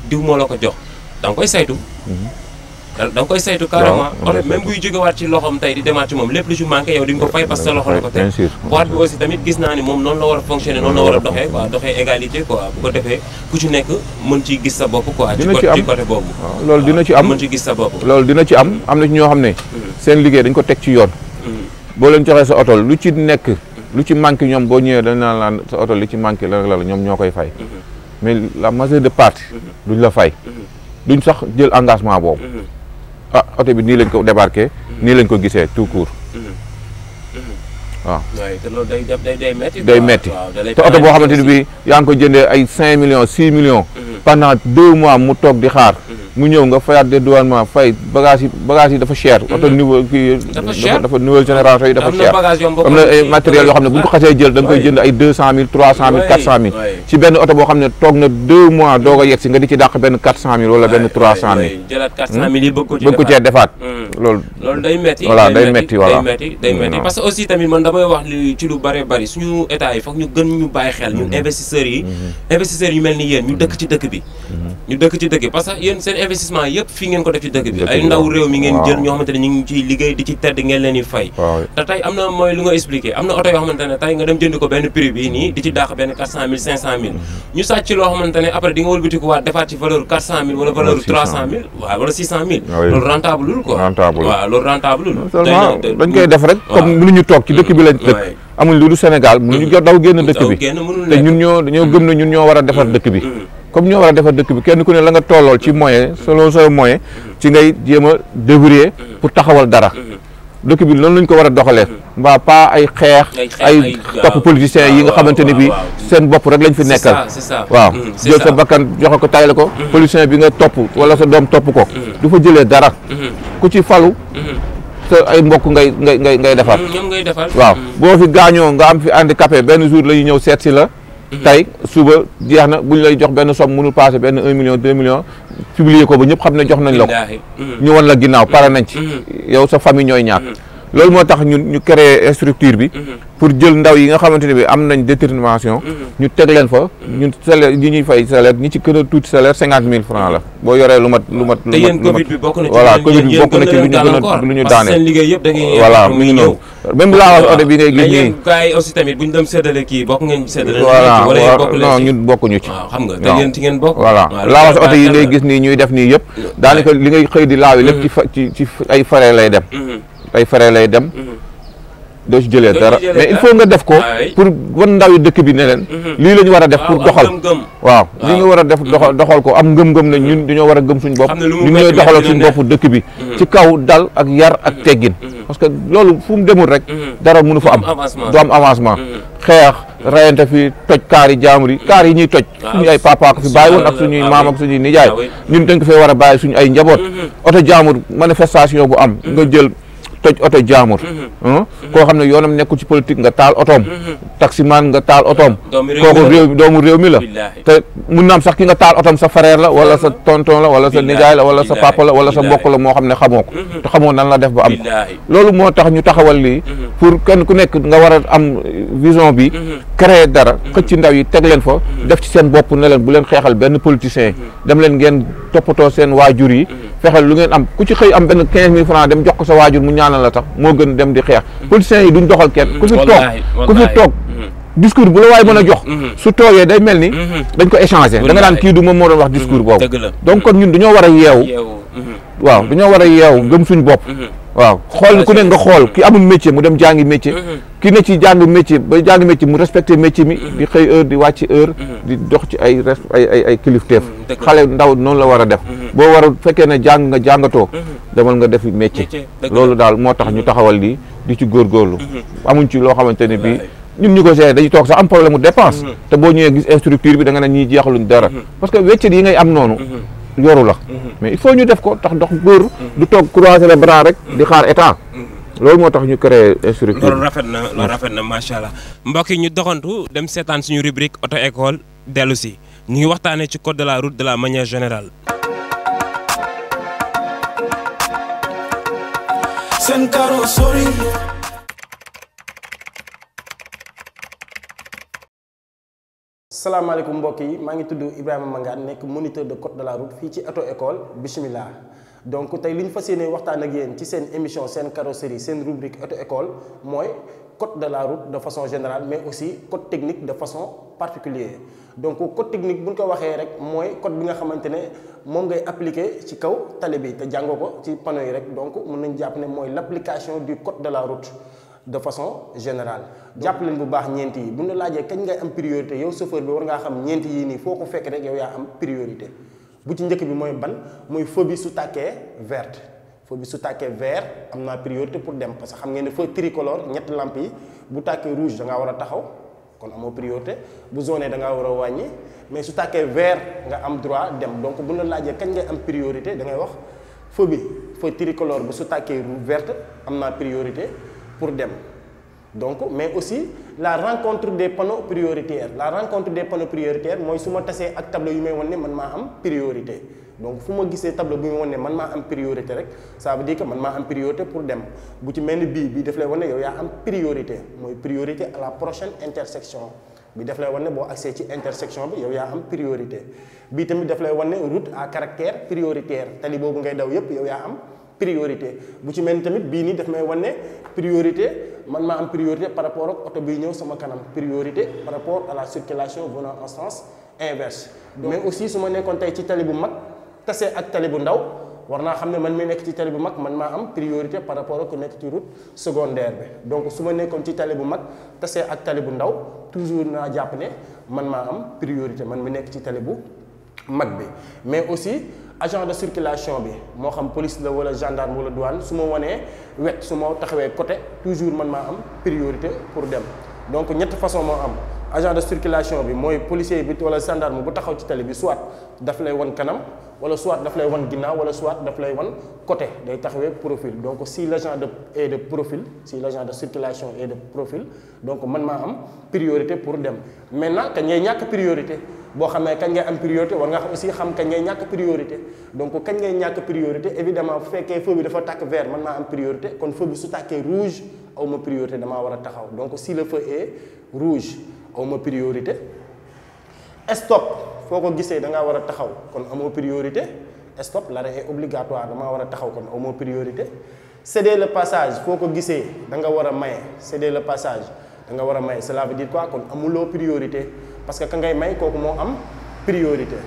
diw moo la ko jox da nga koy saytu. da nga koy saytu carrément même buy jógewaat ci loxoom tey di demaat ci moom lépp lu ci manqué yow di nga ko fay parce que loxo la ko teg boîte bi aussi tamit gis naa ni moom noonu la war a fonctionner noonu la war a ko defee ku ci nekk mën ci loolu dina ci am mën ci sa bopp loolu dina ci am am na ñoo xam ne hmm. seen liggéey dañ ko teg ci yoon hmm. boo leen joxee sa oto lu ci nekk lu ci manqué ñoom boo ñëwee dañ naan laan sa oto lu ci manqué la la ñoom ñoo koy fay hmm. mais la majeure de partie duñ la fay duñ sax jël engagement boobu ah oto bi nii lañ ko débarqué. Mm-hmm. nii lañ ko gisee tout court. Mm-hmm. Mm-hmm. waaw te loolu day day day metti. day metti te oto boo xamante ni bii yaa ngi ko jënde ay 5 millions 6 millions. pendant 2 mois mu toog di xaar. mu ñëw nga fayaat ma fay bagage yi bagage yi dafa cher auto nouveau ki dafa nouvelle génération yi dafa cher am na ay matériel yo xamne ne bu ko xasse jël dang koy jënd ay 200000 300000 400000 ci benn auto bo xamne tok na 2 mois si nga di ci dakk benn 400000 wala benn 300000 jëlat 400000 jëlaat quatre cent hmm? yi bëgg ko ci defaat hmm. loolu loolu day metti voilà day metti voilà day metti hmm. parce que aussi tamit man damay wax li ci lu bare bari suñu état yi foog ñu gën ñu xel ñun investisseurs yi investisseurs yu bi ñu dëkk ci dëkk parce que investissement yëpp fii ngeen ko def ci dëkk bi ay ndaw réew mi ngeen jël ñoo xamante ñu ngi liggéey di ci tedd ngeen leen di te tey am na mooy lu nga expliqué am na oto yoo xamante ne tey nga dem jënd ko benn prix mhm. ñu toog ci dëkk bi lañ dëkk amuñ lu du Sénégal mm-hmm. daw génn dëkk bi te ñun ñoo gëm ne ñun ñoo war defar mm-hmm. dëkk bi mm-hmm. comme ñoo war a defar dëkk bi kenn ku ne la nga tollool ci moyen selon sa moyen ci ngay jéema a pour taxawal dara dëkk bi loolu lañ ko war a doxalee mbaa pas ay xeex ay topp politiciens yi nga xamante ni bi seen bopp rek lañ fi nekkal waaw mm, jël sa bakkan joxe ko tayle ko mm. politicien bi nga topp wala sa doom topp ko mm. du fa jëlee dara ku ci falu sa ay mbokk ngay ngay ngay ngay defar waaw boo fi gaañoo nga am fi handicapé benn jour la ñu ñëw seet si la Mhm. tey suba jeex na bu ñu lay jox benn somme mënul passé benn un million deux millions publier ko ba ñëpp xam ne jox nañ la ko mhm. ñu wan la ginnaaw pare nañ ci mhm. yow sa famille ñooy ñaar loolu moo tax ñun ñu créer structure bi. Mhm. pour jël ndaw yi nga xamante ne bi am nañ détermination. Mhm. ñu teg leen fa. Mhm. ñun sele yi ñuy fay salaire ñi ci gën a tuuti salaire cinquante mille franc la boo yoree lu mat lu mat. lu mat te yéen bokk na ci voilà na ci lu ñu gën a lu ñu daane. seen mu ngi noonu. même laa wax oto bi yi aussi tamit bu ñu dem séddale kii bokk ngeen ci séddale voilà non ñun ci xam nga te yéen ci ngeen bokk voilà laawas oto yi ngay gis nii ñuy def nii yëpp daanaka li ngay xëy di laawi lépp ci ci ay fare lay dem ay frais lay dem. Mhm. doo ci jëlee dara mais il faut nga def ko ah pour wan ndaw dëkk bi ne leen mhm. lii la ñu war a def pour doxal waaw li nga war a def mhm. doxal ko am ngëm-ngëm ne ñun dañoo war a gëm suñu bopp ñun ñooy doxalal suñu bopp dëkk bi ci kaw dal ak yar ak teggin parce que loolu fu mu demul rek dara mënu fa am du am avancement xeex rayante fi toj kaar yi jaamur yi kaar yi ñuy toj suñu ay papa ko fi bàyyi woon ak suñuy maam suñuy nijaay ñun dañ ko fee war a bàyyi suñu ay njaboot oto toj oto jaamur mhm. koo xam ne yoonam nekkul ci politique nga taal si taximaan nga taal otoom kooku réew doomu réew mi la te mun naam sax ki nga taal otoom sa frère la wala sa tonton la wala sa nijaay la wala sa papa la wala sa bokk la moo xam ne xamoo ko mm-hmm. te xamoo nan la def ba am ko loolu moo tax ñu taxawal lii mm-hmm. pour kenn ku nekk nga war a am vision bi mm-hmm. créer dara xëcc ndaw yi teg leen fo def ci seen bopp ne leen bu leen xeexal benn politicien dem leen ngeen toppatoo seen waajur yi fexeel lu ngeen am ku ci xëy am benn quinze mille francs dem jox ko sa waajur mu ñaanal la tax moo gën dem di politiciens yi duñ kenn ku fi toog ku fi toog mm-hmm. discours bu la waay mën a jox mm-hmm. su toogee day mel ni mm-hmm. dañ ko échanger da nga daan kii du moom moo doon wax discours boobu donc kon ñun dañoo war a yeewu waaw dañoo war a yeewu gëm suñ waaw xool ku ne nga xool ki amul métier mu dem jàngi métier. Mm-hmm. ki ne ci jàng métier ba jàng métier mu respecté métier mi. Mm-hmm. di xëy heure di wàcc heure. Mm-hmm. di dox ci ay res ay ay ay kilifteef. xale ndaw noonu la war a def. boo war a fekkee ne jàng nga jàngatoo. demal nga def métier. loolu daal moo tax ñu taxawal lii di ci góorgóorlu. amuñ ci loo xamante ne bii. ñun ñu ko gérer dañuy toog sax am problème mu te boo ñëwee gis structure bi da nga ne ñiy jeexaluñ dara. parce que wéccet yi ngay am noonu. yoru la mhm. mais il faut ñu def ko tax ndox góor mhm. du toog croiser les bras rek di xaar état mhm. loolu moo tax ñu créé structure loolu rafet na loolu rafet na macha allah mbokk yi ñu doxantu dem seetaan suñu rubrique auto école dellu si ñu ngi waxtaanee ci code de la route de la manière générale salaamaaleykum mbokk yi maa ngi tudd Ibrahima Mangane nekk moniteur de code de la route fii ci auto école Bichmillah donc tey li ñu fas yéene waxtaan ak yéen ci seen émission seen carrosserie seen rubrique auto école mooy code de la route de façon général mais aussi code technique de façon particulier donc code technique bu ñu ko waxee rek mooy code bi nga xamante ne moom ngay appliquer ci kaw tali bi te jàngoo ko ci panneau yi rek donc mun nañ jàpp ne mooy l' application du code de la de façon générale jàpp leen bu baax ñeent yi bu ñu laajee kañ ngay am priorité yow chauffeur bi war ngaa xam ñeent yii nii foo fekk rek yow yaa am priorité bu ci njëkk bi mooy ban mooy feu bi su tàkkee verte feu su tàkkee vert amna priorité pour dem parce que xam ngeen ne feu tricolore ñetti lamp yi bu tàkkee rouge da ngaa war taxaw kon amo priorité bu zone da ngaa war a mais su tàkkee vert nga am droit dem donc bu ñu laajee kañ ngay am priorité da ngay wax feu bi tricolore bu su tàkkee verte amna priorité pour dem donc mais aussi la rencontre des panneaux prioritaires la rencontre des panneaux prioritaires mooy su ma tasee ak tableau yu may wan ne man maa am priorité donc fu ma gisee tableau bu ñu wan ne man maa am priorité rek ça veut dire que man maa am priorité pour dem bu ci mel ni bii bii daf lay yow yaa am priorité mooy priorité à la prochaine intersection bi daf lay wan accès ci intersection bi yow yaa am priorité bii tamit daf lay route à caractère prioritaire tali boobu ngay daw yépp yow yaa am priorité bu ci mel tamit bi ni daf may wane priorité man m'a am priorité par rapport ak auto bi ñëw sama kanam priorité par rapport à la circulation venant en sens inverse. mais aussi suma ma tay ci tali bu mag tassé ak tali bu ndaw war naa xam ne man mi nekk ci tali bu mag man maa am priorité par rapport ak ku nekk ci route secondaire bi donc su ma nekkoon ci tali bu mag tase ak tali bu ndaw toujours naa jàpp ne man maa am priorité man mi nekk ci tali bu mag bi mais aussi agent de circulation bi mo xam police la wala gendarme wala douane suma woné wet côté toujours man priorité pour dem donc ñett façon am agent de circulation bi moy policier bi wala gendarme bu taxaw ci tali bi soit daf lay wan kanam wala soit daf lay wan ginnaw wala soit daf côté day profil donc si l'agent de est de profil si l'agent de circulation est de profil donc man ma am priorité pour dem maintenant que ñay ñak priorité boo xamee kañ ngay am priorité war nga xam aussi xam kañ ngay ñàkk priorité donc kañ ngay ñàkk priorité évidemment bu feu bi dafa tak vert man ma am priorité kon feu bi su také rouge aw ma priorité dama wara taxaw donc si le feu est rouge aw ma priorité stop foko gissé da nga wara taxaw kon amo priorité stop l'arrêt est obligatoire dama wara taxaw kon amoo priorité céder le passage foko gissé da nga wara a céder le passage da nga wara a cela veut dire quoi kon amulo priorité parce que ka ngay may kooku moo am priorité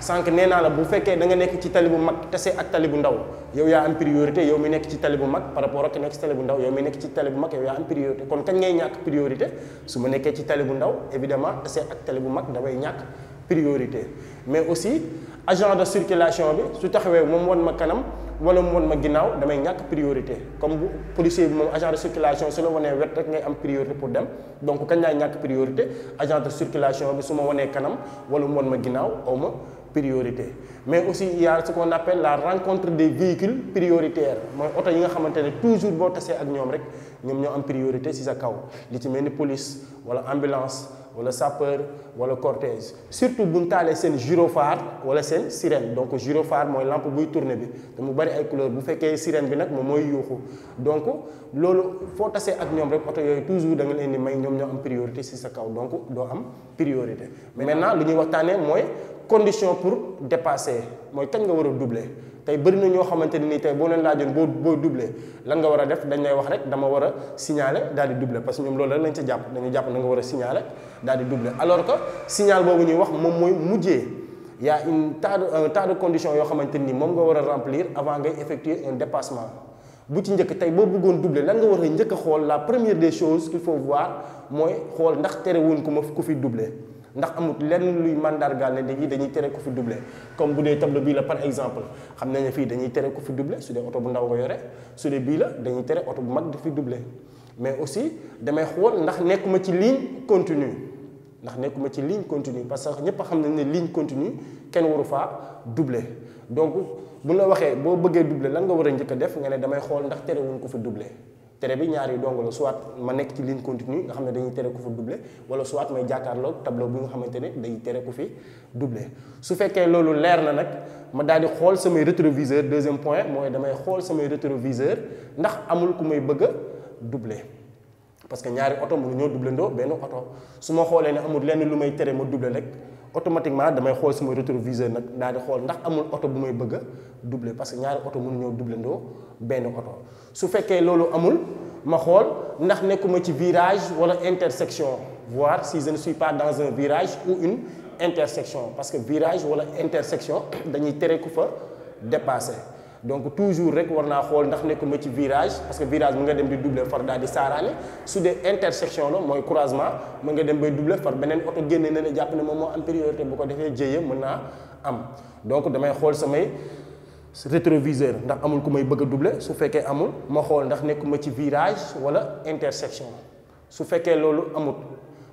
sànq nee naa la bu fekkee da nga nekk ci tali bu mag tase ak tali bu ndaw yow yaa am priorité yow mi nekk ci tali bu mag par rapport ak nekk ci tali bu ndaw yow mi nekk ci tali bu mag yow yaa am priorité kon kañ ngay ñàkk priorité su ma nekkee ci tali bu ndaw évidemment tase ak tali bu mag damay ñàkk priorité mais aussi agent de circulation bi su taxawé mom won ma kanam wala mom won ma damay ñak priorité comme bu policier bi agent de circulation su la wanee wet rek ngay am priorité pour dem donc kañ lay ñak priorité agent de circulation bi vous avez kanam wala mom won ma ginnaaw priorité mais aussi il y a ce qu'on appelle la rencontre des véhicules prioritaires Je auto yi nga xamantene toujours bo tassé ak ñom rek ñom ñoo am priorité ci sa kaw li police wala ambulance wala sapeur wala cortège surtout bu ñu taalee seen gyrophare wala seen sirène donc gyrophare mooy lampe buy tourner bi te mu bari ay couleur bu fekkee sirène bi nag moom mooy donc loolu foo tasee ak parce rek oto yooyu toujours da nga leen di may ñoom ñoo am priorité ci sa kaw donc doo am priorité. maintenant lu ñuy waxtaanee mooy condition pour dépasser mooy kañ nga war doubler. tey bëri na ñoo xamante ne nii tey boo leen laajoon boo boo doublé lan nga war a def dañ lay wax rek dama war a signalé daal di doublé parce que ñoom loolu rek lañ ca jàpp dañu jàpp na nga war a signalé daal di doublé alors que signal boobu ñuy wax moom mooy mujjee y a une tas de un tas de conditions yoo xamante ni moom nga war a remplir avant ngay effectuer un dépassement bu ci njëkk tey boo bëggoon doubler lan nga war a njëkk a xool la première des choses qu'il faut voir mooy xool ndax terewuñ ko ma ku fi doubler ndax amul lenn luy mandargaal ne dañuy dañuy tere ko fi duble comme bu dee tableau bii la par exemple xam nañ ne fii dañuy tere ko fi duble su dee oto bu ndaw nga yore su dee bii la dañuy tere oto bu mag di fi duble mais aussi damay xool ndax nekkuma ci ligne continue ndax nekkuma ci ligne continue parce que ñëpp xam nañ ne ligne continue kenn waru faa doubler donc bu la waxee boo bëggee doubler lan nga war a njëkk def nga ne damay xool ndax tere terewuñ ko fi duble tere bi ñaari dong la soit ma nekk ci ligne continue nga xam ne dañuy tere ku fi doublé wala soit may jàkkaarloo tableau bi nga xamante ne day tere ku fi duble su fekkee loolu leer na nag ma daal di xool samay rétroviseur deuxième point mooy damay xool samay rétroviseur ndax amul ku may bëgg a doublé parce que ñaari oto mënu ñoo doublé ndoo benn oto su ma xoolee ne amul lenn lu may tere ma doublé rek automatiquement damay xool sama rétroviseur nag naa di xool ndax amul oto bu may bëgg a doubler parce que ñaari oto mënuñoo doubler ndoo benn oto su fekkee loolu amul ma xool ndax nekkuma ci virage wala intersection voir si je ne suis dans un virage ou une intersection parce que virage wala intersection dañuy tere ku fa dépasser. donc toujours rek warna xol ndax nekuma ci virage parce que virage mu nga dem di doubler far dal di sarane sous des intersection la moy croisement mu nga dem bay doubler far benen auto génne na ne jàpp ne moom am priorité bu ko defee jéye mën am donc damay xol samay rétroviseur ndax amul ku may bëgg doubler su féké amul ma xol ndax nekuma ci virage wala intersection su féké lolu amul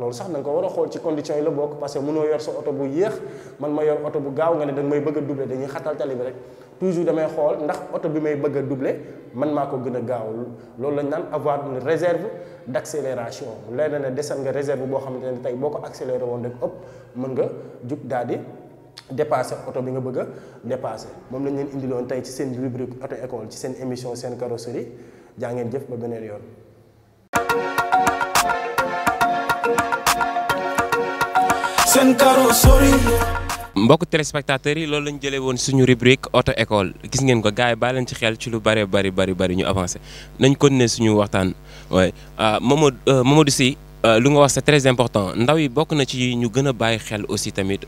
loolu sax da nga ko war a xool ci condition yi la bokk parce que mënoo yor sa oto bu yéex man ma yor oto bu gaaw nga ne da nga may bëgg a doubler dañuy xatal tali rek toujours damay xool ndax oto bi may bëgg a doubler man maa ko gën a gaaw loolu lañ naan avoir une réserve d' accélération leer na ne desal nga réserve boo xamante ne tey boo ko accéléré woon rek ëpp mën nga jug daal di dépassé oto bi nga bëgg a dépassé moom lañ leen indiloon tey ci seen rubrique auto école ci seen émission seen carrosserie jaa ngeen jëf ba beneen yoon. seen karo sori mbokk téléspectateurs yi loolu lañ jëlee woon suñu rubrique auto école gis ngeen ko gars yi bàyyi leen ci xel ci lu bëree bëri bëri bëri ñu avancé nañ kon ne suñu waxtaan waaye euh, momo euh, Mamadou si euh, lu nga wax c'est très important ndaw yi bokk na ci ñu gën a bàyyi xel aussi tamit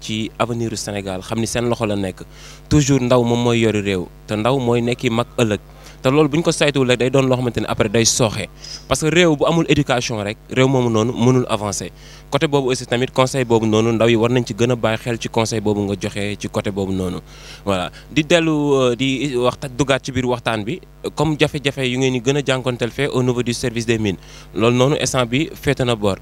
ci avenir Sénégal xam ni seen loxo la nekk toujours ndaw moom mooy yori réew te ndaw mooy nekki mag ëllëg te loolu bu ko saytuwul rek day doon loo ni ne après day sooxee parce que réew bu amul éducation rek réew moomu noonu mënul avancer côté boobu aussi tamit conseil boobu noonu ndaw yi war nañ ci gën a bàyyi xel ci conseil boobu nga joxe ci côté boobu noonu voilà di dellu euh, di waxta dugaat ci biir waxtaan bi comme jafe-jafe ngeen ni gën a jànkonteel fee au niveau du service des mines loolu noonu instant bi féete na boor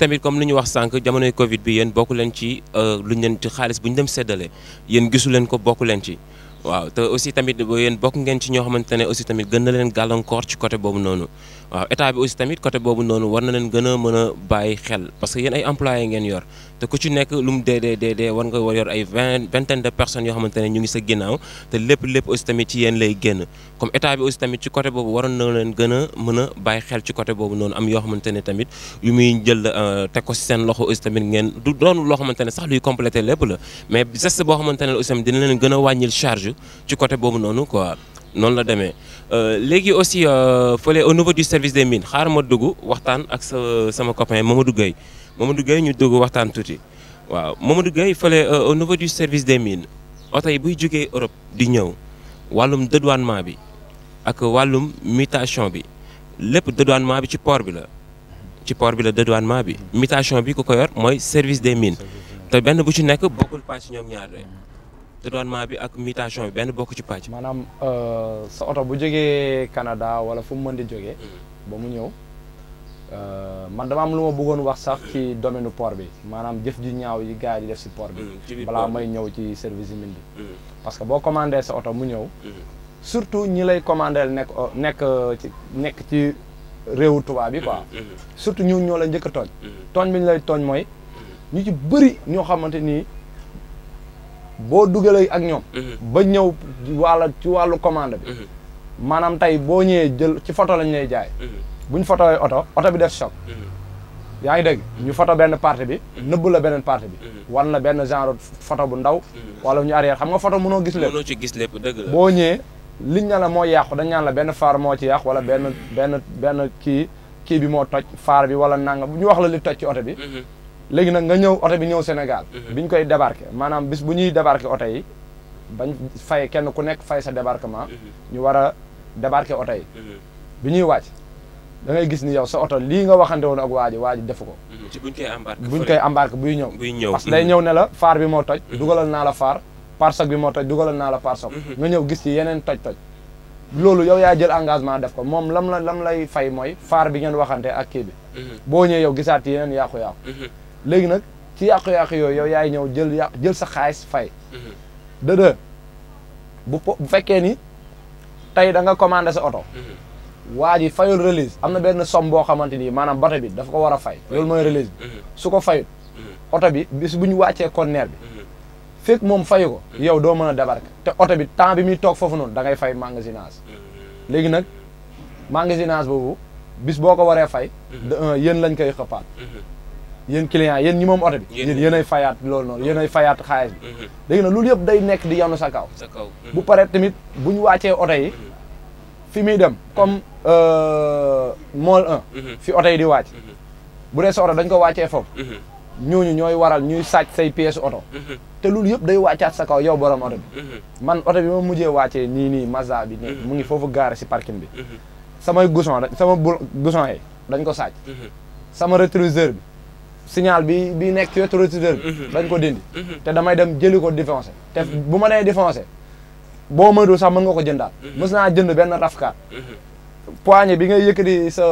tamit comme li ñu wax sànq jamonoy covid bi yéen bokk leen ci euh, luñ leen ci xaalis bu ñu dem séddale yéen gisu leen ko bokk leen ci waaw te aussi tamit yéen bokk ngeen ci ñoo xamante ne aussi tamit gën na leen gàllankoor ci côté boobu noonu waaw état bi aussi tamit côté boobu noonu war na leen gën a mën a bàyyi xel parce que yéen ay employés ngeen yor te ku ci nekk lu mu dee dee dee war nga war yor ay vingt vingtaine de personnes yoo xamante ne ñu ngi sa ginnaaw te lépp lépp aussi tamit ci yéen lay génn comme état bi tamit ci boobu waroon na leen gën a mën a bàyyi xel ci côté boobu noonu am yoo xamante ne tamit yu muy jël euh, teg ko si seen loxo aussi tamit ngeen du doonu loo xamante ne sax luy complété lépp la mais geste boo xamante ne aussi dina leen gën a wàññil charge ci boobu noonu quoi noonu la demee faut euh, aussi euh, au niveau du service des mines xaar ma dugg waxtaan ak sama copain Mamadou Gueye Mamadou Gueye ñu tout waxtaan suite. waaw Mamadou Gueye euh, au niveau du service des mines auto yi buy que Europe di ñëw walum dédouanement bi ak Walum mutation bi lepp dédouanement bi ci port bi la ci port bi la dédouanement bi mutation bi ko yor service des mines té benn bu ci nekk pas ci ñom ñaar dédouanement bi ak mitation bi benn bokk ci pàcc. maanaam euh, sa oto bu jógee Canada wala fu mu mën di jógee. Hmm. ba mu ñëw euh, man dama am lu ma bëggoon wax sax ci domaine nu bi maanaam jëf ju ñaaw yi gars yi di def si port bi. Hmm, balaa may ñëw ci service yi mine bi. Hmm. parce que boo commandé sa oto mu ñëw. surtout ñi lay commandé nekk nekk ci nekk ci réewu tubaab bi quoi. surtout ñu ñoo la njëkk a tooñ. tooñ bi ñu lay tooñ mooy. ñu ci bëri ñoo xamante ni. boo dugalee ak ñoom. Mhm. ba ñëw wàlla ci wàllu commande bi. Mhm. maanaam tey boo ñëwee jël ci photo lañ lay jaay. Mhm. bu foto photoyee oto oto bi def choc. yaa ngi dégg ñu foto benn partie bi. nëbb la beneen partie bi. wan la benn genre photo bu ndaw. wala ñu arrière xam nga photo mënoo gis lépp. mënoo ci gis lépp dëgg boo ñëwee liñ na la moo yàqu dañ ñaan la benn faar moo ci yàqu wala benn benn benn kii kii bi moo toj faar bi wala nangam ñu wax la li toj ci oto bi. léegi nag nga ñëw oto bi ñëw Sénégal. Mhm. bi ñu koy débarqué maanaam bis bu ñuy débarqué oto yi bañ fay kenn ku nekk fay sa débarquement. Mhm. ñu war a débarqué oto yi. Mhm. bu ñuy wàcc da ngay gis ni yow sa oto lii nga waxante woon ak waa ji defu ko. ci buñ koy embarqué buy ñëw. buy ñëw parce que ñëw ne la faar bi moo toj. naa la faar pare-choc bi moo toj dugalal naa la pare-choc. nga ñëw gis ci yeneen toj-toj. loolu yow yaa jël engagement def ko moom lam la lam lay fay mooy faar bi ngeen waxante ak kii bi. boo ñëwee yow gisaat yeneen yaaku yàqu léegi nag ci yàqu-yàqu yooyu yow yaay ñëw jël yàq jël sa xaalis fay. Mm-hmm. dëgg bu po bu fekkee ni tey da nga commandé sa oto. Mm-hmm. waa ji fayul release am na benn some boo xamante ni maanaam bato bi dafa ko war a fay. loolu mooy release bi. Mm-hmm. su ko fayut. oto bi bis bu ñu wàccee konneer bi. fekk moom fayu ko. yow doo mën a débarquer te oto bi temps bi muy toog foofu noonu da ngay fay magasinage. léegi nag magasinage boobu bis boo ko waree fay. de lañ koy xëppaat. yéen client yéen ñi moom oto bi yéen yéen ay fayaat loolu noonu yéen ay fayaat xaalis bi léegi nag loolu yëpp day nekk di yanu sa kaw mhm. bu paree tamit bu ñu wàccee oto yi mhm. fi muy dem comme euh, mool 1 mhm. fi oto yi di wàcc bu dee sa oto dañ ko wàccee foofu ñooñu ñooy waral ñuy sàcc say pièces oto te loolu yëpp day wàccaat sa kaw yow borom oto bi man oto bi ma mujjee wàccee nii nii Mazda bi nii mu ngi foofu gaare si parking bi samay gousson sama gousson yi dañ ko sàcc sama bi signal bi bi nekk ci wetu retourneur dañ mhm. ko dindi. Mhm. te damay dem jëli ko défoncé. te mhm. bu ma nee défoncé boo moytuwul sax mën nga ko jëndaat. mës naa jënd benn rafkaat. poignée bi ngay yëkkati sa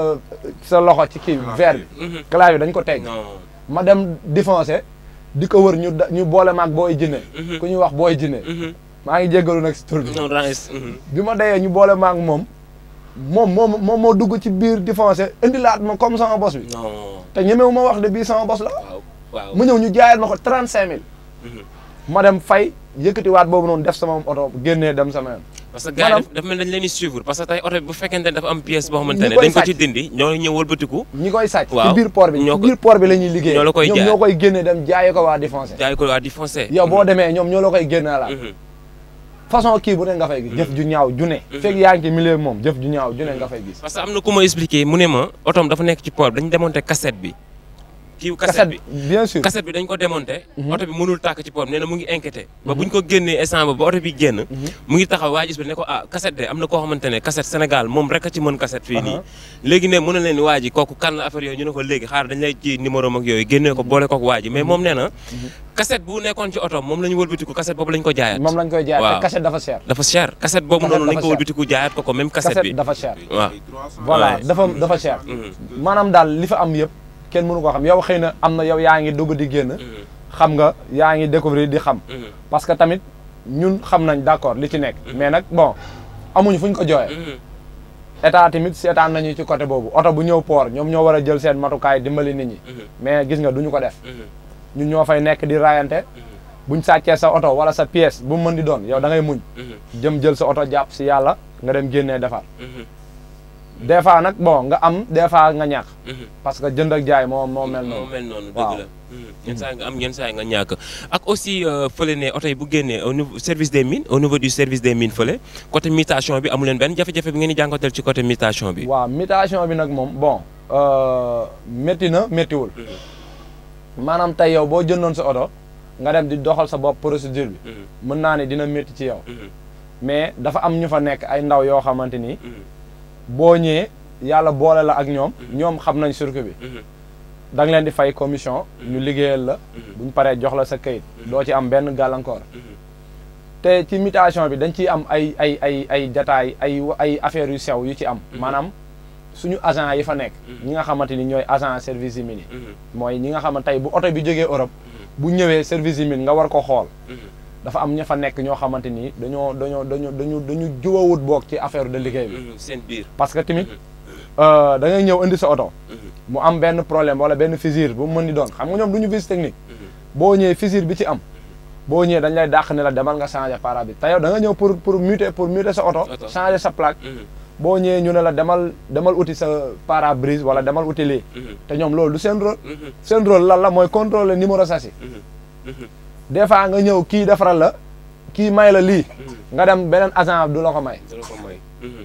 sa loxo ci kii ver bi. Ah, clavier dañ ko teg. ma dem défoncé di ko wër ñu ñu boole maag booy jinne ku ñuy wax booy jinne maa ngi jéggalu nag si tur bi. ma dayee ñu boole maag moom. moom moo moom moo dugg ci biir di foncé indi laat ma comme sama bos bi. te ñemewu ma wax ne bii sama bos la. waaw mu ñëw ñu jaayal ma ko trente cinq mille. Mhm. ma dem fay yëkkatiwaat boobu noonu def sama oto génnee dem sama yoon. parce que gars yi dafa mel dañ leen di suivre parce que tey oto bi bu fekkente ne dafa am pièce boo xamante ne dañ ko ci dindi ñoo ñëw wëlbatiku ñi koy sàcc ci biir port bi ci biir port bi la ñuy liggéey ñoo la koy jaay ñoom ñoo koy génne dem jaayi ko waa défoncé jaayi ko waa défoncé yow boo mhm. demee ñoom ñoo la koy génne la mhm. façon toute vous nga fay gis. jëf ju ñaaw ju mhm. nga parce que expliquer cassette kiiw cassette bi dañ ko démonté mhm. oto bi mënul tàkk ci poom nee mu ngi inquiété ba buñ ko génnee instant ba ba oto bi génn mhm. mu ngi taxaw waa gis bi ah cassette de am na koo xamante ne cassette Sénégal moom rek a ci mën cassette fii nii uh-huh. léegi ne mën na leen waa ko léegi xaar dañ lay ci numéro mag yooyu génnee ko boole kook waa ji mhm. nekkoon ci oto moom la ñu wëlbatiku cassette boobu la ñu ko jaayaat moom lañ koy jaayaat waaw cassette dafa cher dafa cher cassette boobu noonu lañ ko wëlbatiku jaayaat ko ko même cassette bi dafa cher waaw maanaam daal li fa am yëpp kenn mënu ko xam yow xëy na am na yow yaa ngi dugg di génn. Mm-hmm. xam nga yaa ngi découvrir di xam. Mm-hmm. parce que tamit ñun xam nañ d'accord li ci nekk. Mm-hmm. mais nag bon amuñu fuñ ko jooyee. état tamit seetaan nañu ci côté boobu oto bu ñëw port ñoom ñoo war a jël seen matukaay dimbali nit ñi. mais gis nga duñu ko def. ñun ñoo fay nekk di raayante. buñ sàccee sa oto wala sa piyes bu mu mën di doon yow da ngay muñ. jëm jël sa oto jàpp si yàlla nga dem génnee defar. des fois nag bon nga am des fois nga ñàkk. Mhm. parce que jënd ak jaay moo moo mel noonu. moo mel noonu la mhm. yenn saa nga am yenn saa nga ñàkk ak aussi euh, fële ne oto bu génnee au niveau service de mines au niveau du service des mines fële côté mutation bi amu leen benn jafe-jafe bi ngeen di jànkonteel ci côté mutation bi. waaw mutation bi nag moom bon euh, métti na méttiwul. Mhm. maanaam tey yow boo jëndoon sa oto nga dem di doxal sa bopp procédure bi. mën naa ne dina métti ci yow. mais dafa am ñu fa nekk ay ndaw yoo xamante ni. boo ñëwee yàlla boole la ak ñoom mhm. ñoom xam nañ circuit bi mhm. da leen di fay commission mhm. ñu liggéeyal la buñ paree jox la sa kayit doo ci am benn gàllankoor te ci mutation bi dañ ciy am ay ay ay ay jataay ay ay affaires yu sew yu ci am maanaam suñu agent yi fa nekk ñi nga xamante ni ñooy agent service yi mini mooy ñi nga xamante tey bu oto bi jógee Europe bu ñëwee service yi mini nga war ko xool dafa am ña fa nekk ñoo xamante ni dañoo dañoo dañoo dañu dañu jubawut book ci affaire de liggéey bi. Mm-hmm. seen biir parce que tamit mm-hmm. euh, da ngay ñëw indi sa oto. Mm-hmm. mu am benn problème wala benn fissure bu mu mën di doon xam nga ñoom du ñu visite technique. boo ñëwee fisir bi ci am. boo ñëwee dañ lay dàq ne la demal nga changer para bi te yow da nga ñëw pour pour muter pour muter sa oto. changer sa plaque. boo ñëwee ñu ne la demal demal uti sa parabrise wala demal uti lii. te ñoom loolu du seen rôle. seen rôle lan la mooy contrôler numéro châssis. des fois nga ñëw kii defaral la kii may la lii. Mm-hmm. nga dem beneen agent du la ko may. du la ko may. Mm-hmm.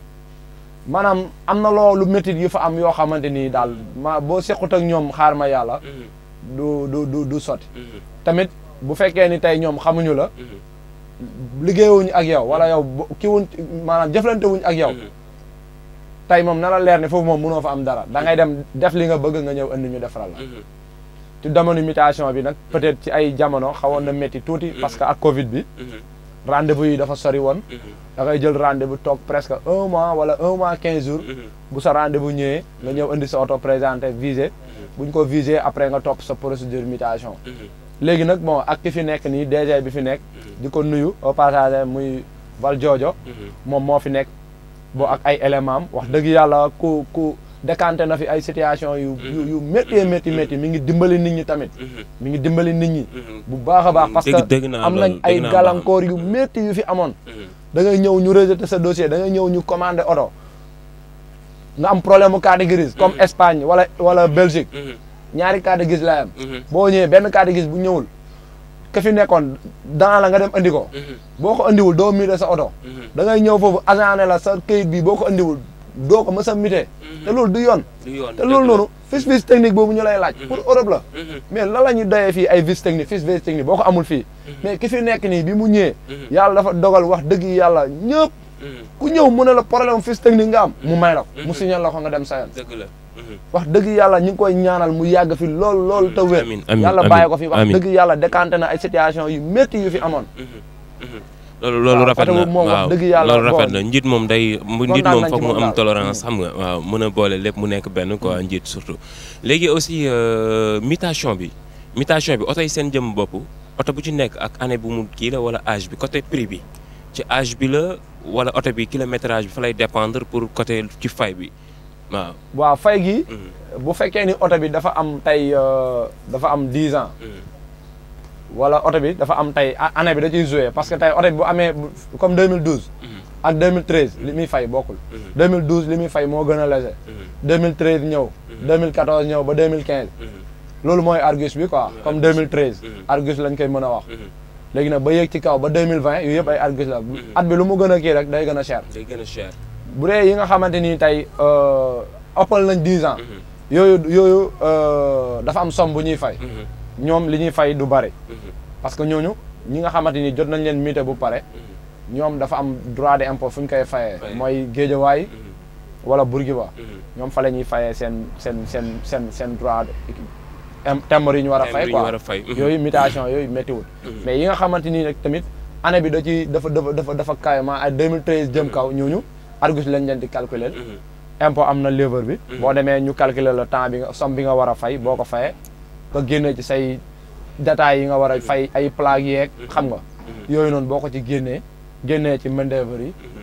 maanaam am na loolu métit yu fa am yoo xamante ni daal mm-hmm. ma boo sequt ak ñoom xaar ma yàlla. du du du du sotti. tamit bu fekkee ni tey ñoom xamuñu la. liggéeyuñu ak yow wala yow ki wuñ maanaam jëflante ak yow. tey moom na la leer ne foofu moom munoo fa am dara da ngay dem def li nga bëgg nga ñëw indi ñu defaral la. ci jamono mutation bi nag peut-être ci ay jamono xawoon na métti tuuti mhm. parce que ak Covid bi mhm. rendez-vous dafa sori woon mhm. da ngay jël rendez bu toog presque un mois wala un mois quinze jours bu sa rendez bu ñëwee nga ñëw indi sa auto présenté visé buñ ko visé après nga topp sa procédure mutation léegi nag moo ak ki fi nekk nii DG bi fi nekk di ko nuyu au muy Val joojo moom moo fi nekk bo ak ay élément am wax dëgg yàlla ku ku décanté na fi ay situation yu mm-hmm. yu métti mm-hmm. métti métti mi ngi dimbali nit ñi tamit mm-hmm. mi ngi dimbali nit ñi bu baax a baax parce que am nañ ay gàllankoor yu métti yu fi amoon dangay ñëw ñu rejeté sa dossier da ngay ñëw ñu commandé oto nga am problème mu carte grise comme Espagne wala wala Belgique ñaari carte grise la am boo ñëwee benn carte grise bu ñëwul ka fi nekkoon dans la nga dem andi ko boo ko andiwul doo miire sa odo da ngay ñëw foofu agent la sa kayit bii boo ko andiwul doo ko mës a mité mhm. loolu du yoon te loolu noonu fiche fiche technique boobu ñu lay laaj mhm. pour Europe la mhm. mais lan la ñu doyee fi ay fiche technique fiche fiche boo ko amul fii mais ki fi nekk nii bi mu ñëwee yàlla dafa dogal wax dëgg yàlla ñëpp ku ñëw mu ne la problème fiche technique nga am mu may la ko mu signal la ko nga dem sa yoon dëgg la wax dëgg yàlla ñu ngi koy ñaanal mu yàgg fi lool lool te wér yàlla bàyyi ko fi wax dëgg yàlla décanté na ay situation yu métti yu fi amoon loolu rafet na waaw loolu rafet na njiit moom day njiit moom foog mu am tolérance xam nga waaw mën a boole lépp mu nekk benn ko njiit surtout léegi aussi euh, mutation bi mutation bi oto yi seen jëm bopp oto bu ci nekk ak année bu mu kii la wala âge bi côté prix bi ci âge bi la wala oto bi kilométrage bi fa lay dépendre pour côté ci fay bi waaw. waaw fay gi. Mm-hmm. bu fekkee ni oto bi dafa am tey euh, dafa am 10 ans. Mm-hmm. wala oto bi dafa am tey année bi da ciy joué parce que tey oto bi bu amee comme 2012. Mhm. ak 2013 li muy fay bokkul. 2012 mhm. li muy fay moo gën a la léger. 2013 mhm. ñëw. 2014 ñëw ba 2015. loolu mooy Argus bi quoi comme 2013. Argus lañ koy mën a wax. léegi nag ba yéeg ci kaw ba 2020 yooyu yëpp ay Argus la. at bi lu mu gën a kii rek day gën a cher. day gën a cher. bu dee yi nga xamante nii tey euh, ëppal nañ 10 ans. yooyu yooyu euh, dafa am somme bu ñuy fay. ñoom li ñuy fay du bëri. Mhm. parce que ñooñu ñi nga xamante ni jot nañ leen muté bu pare. Mhm. ñoom dafa am droit de impôt fu ñu koy fayee. mooy géejawaay. Mhm. wala Bourguiba. ñoom fa la ñuy fayee seen seen seen seen seen droit de. timbre yi ñu war a fay yooyu mutation yooyu méttiwul. mais yi nga xamante ni nag tamit anne bi da ci dafa dafa dafa dafa carrément ay 2013 jëm kaw ñooñu argus lañ leen di calculer. impôt am na lever bi. boo demee ñu calculer le temps bi nga somme bi nga war a fay boo ko fayee. nga génne ci say détails yi nga war mhm. fay ay plaques yeeg xam nga mhm. yooyu noonu boo ko ci génnee génnee ci main d'œuvre yi mhm.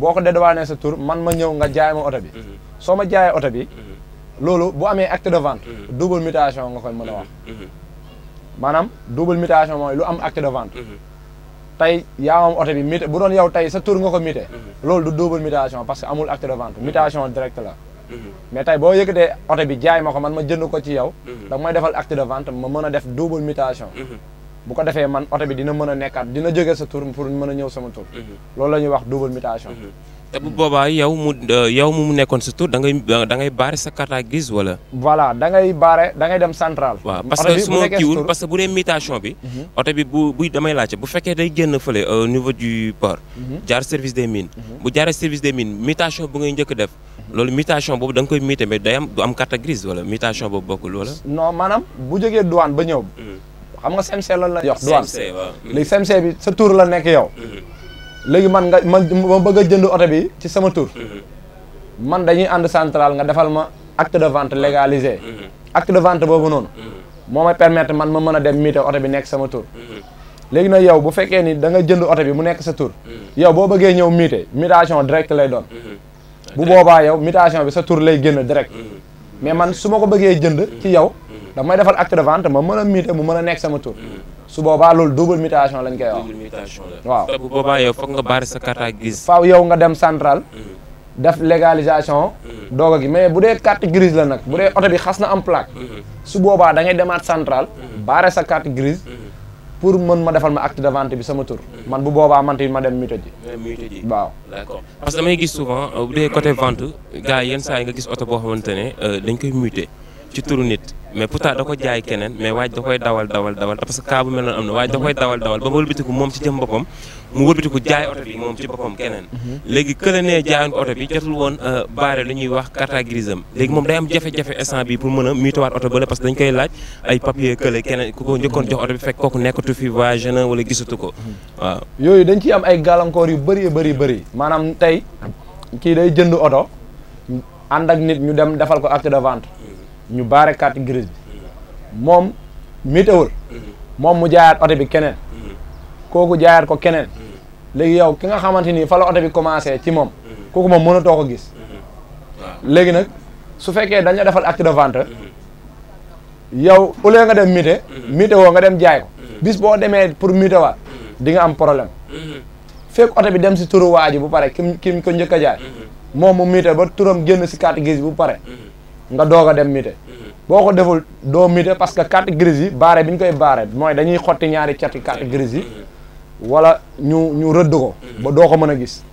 boo ko dédouanee sa tur man ma ñëw nga jaay ma oto bi mhm. soo ma jaayee oto bi mhm. loolu bu amee acte de vente mhm. double mutation nga koy mën a wax maanaam double mutation mooy lu am acte de vente tey yaa moom bi mité bu doon yow tey sa tur nga ko mité loolu du double mutation parce que amul acte de vente mutation directe la mais tey boo yëkkatee oto bi jaay ma ko man ma jënd ko ci yow da may defal acte de vente ma mën a def double mutation bu ko defee man oto bi dina mën a nekkaat dina jóge sa tur pour mën a ñëw sama tur. Mhm. loolu la ñuy wax double mutation. Mhm. te bu boobaa yow mu euh, yow mu nekkoon sa tur dangay ngay da ngay baare sa carte grise wala. voilà da ngay baare da ngay dem central. waaw parce que su ma kiiwul parce que bu dee mutation bi. Mhm. oto bi bu buy damay laajte bu fekkee day génn fële euh, au niveau du port. jaar service des mines. bu jaaree service des mines bu ngay njëkk def. loolu mutation boobu da koy muté mais am du am carte wala mutation boobu bokkul wala. non maanaam bu jógee douane ba ñëw. xam nga CMC lan la jox douane léegi CMC bi sa tour la nekk yow mhm. léegi man nga man ma bëgg a jënd oto bi ci sama tour mhm. man dañuy ànd central nga defal ma acte de vente légalisé mhm. acte de vente boobu noonu moo ma permettre man ma mën a dem miite oto bi nekk sama tour léegi nag yow bu fekkee ni da nga jënd oto bi mu nekk sa tour yow boo bëggee ñëw miite mutation direct lay doon bu boobaa yow mutation bi sa tour lay génn direct mais man su ma ko bëggee jënd ci yow daf may defal acte de ma mën a muté mu mën a nekk sama tur su boobaa loolu double mutation lañ koy wax waaw bu boobaa yow foog nga bari sa carte grise faaw yow nga dem central mm. def légalisation mm. dooga gi mais bu dee carte grise la nag bu dee oto bi xas na am plaque mm. su boobaa da demaat central baare sa carte grise pour mën ma defal ma acte de vente bi sama tur. man bu boobaa man tamit ma dem mutuelle ji. Eh, mutuelle waaw. d'accord parce que damay gis souvent euh, bu dee côté vente gars yi yenn saa yi nga gis oto boo xamante ne euh, dañ koy muté. ci turu nit mais pourtant da ko jaay keneen mais waaj da koy dawal dawal dawal parce que cas bu am na waaj da koy dawal dawal ba wëlbatiku moom ci jëm boppam mu wëlbatiku jaay oto bi moom ci boppam keneen mhm. léegi kële nee jaayoon ko oto bi jotul woon euh, baare lu ñuy wax carte grise léegi moom day am jafe-jafe instant bi pour mën a mutuwaat oto bële parce que dañ koy laaj ay papier kële keneen ku ko njëkkoon jox oto bi fekk kooku nekkatu fi voyagé na mhm. am ay gàllankoor yu bëri bëri bëri maanaam tey kii day jënd oto ànd ak nit ñu dem defal ko acte ñu baare carte grise bi moom météo moom mu jaayaat oto bi keneen kooku jaayaat ko keneen léegi yow ki nga xamante ni fa la bi commencé ci moom kooku moom mënatoo ko gis léegi nag su fekkee dañ defal acte de vente yow au nga dem mité météo nga dem jaay ko bis boo demee pour mité waat di nga am problème fekk oto bi dem si turu waa ji bu pare kim kim ko njëkk a jaay mm-hmm. moom mu mité ba turam génn si carte grise bu pare mm-hmm. nga doog a dem mité mm-hmm. boo ko deful doo mité parce que carte grise yi baare bi ñu koy baare mooy dañuy xotti ñaari cati carte grise yi mm-hmm. wala ñu ñu rëdd ko mm-hmm. ba doo ko mën a gis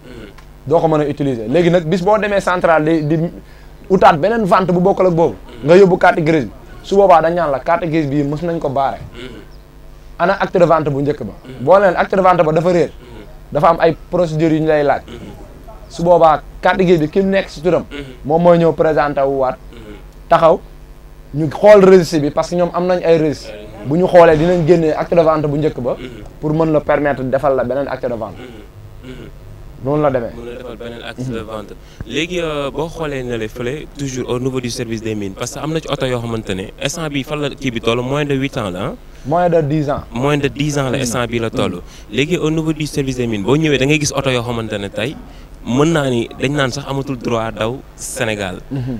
doo ko mën a utiliser léegi nag bis boo demee central di di utaat beneen vente bu bokk ak boobu nga yóbbu carte grise bi su boobaa dañ ñaan la carte grise bii mus nañ ko baare ana acte actre vente bu njëkk ba boo leen acte de vente ba dafa réer dafa am ay procédures yu ñu lay laaj su boobaa carte grise bi ki nekk si turam moom mooy ñëw présenté wu taxaw ñu xool registre bi parce que ñoom am nañ ay registre mhm. bu ñu xoolee dinañ génnee acte de vente bu njëkk ba mhm. pour mën la permettre defal la beneen acte de vente mhm. noonu la demee mën na defal beneen acte de vente léegi euh, boo xoolee ne la fële toujours au niveau du service des mines parce que am na ci oto yoo xamante ne fan la kii bi moins de huit ans la moins de dix ans moins de dix ans la instant la toll léegi au niveau du service des mines boo ñëwee da ngay gis oto yoo xamante ne tey mën naa ni dañ naan sax amatul droit daw Sénégal.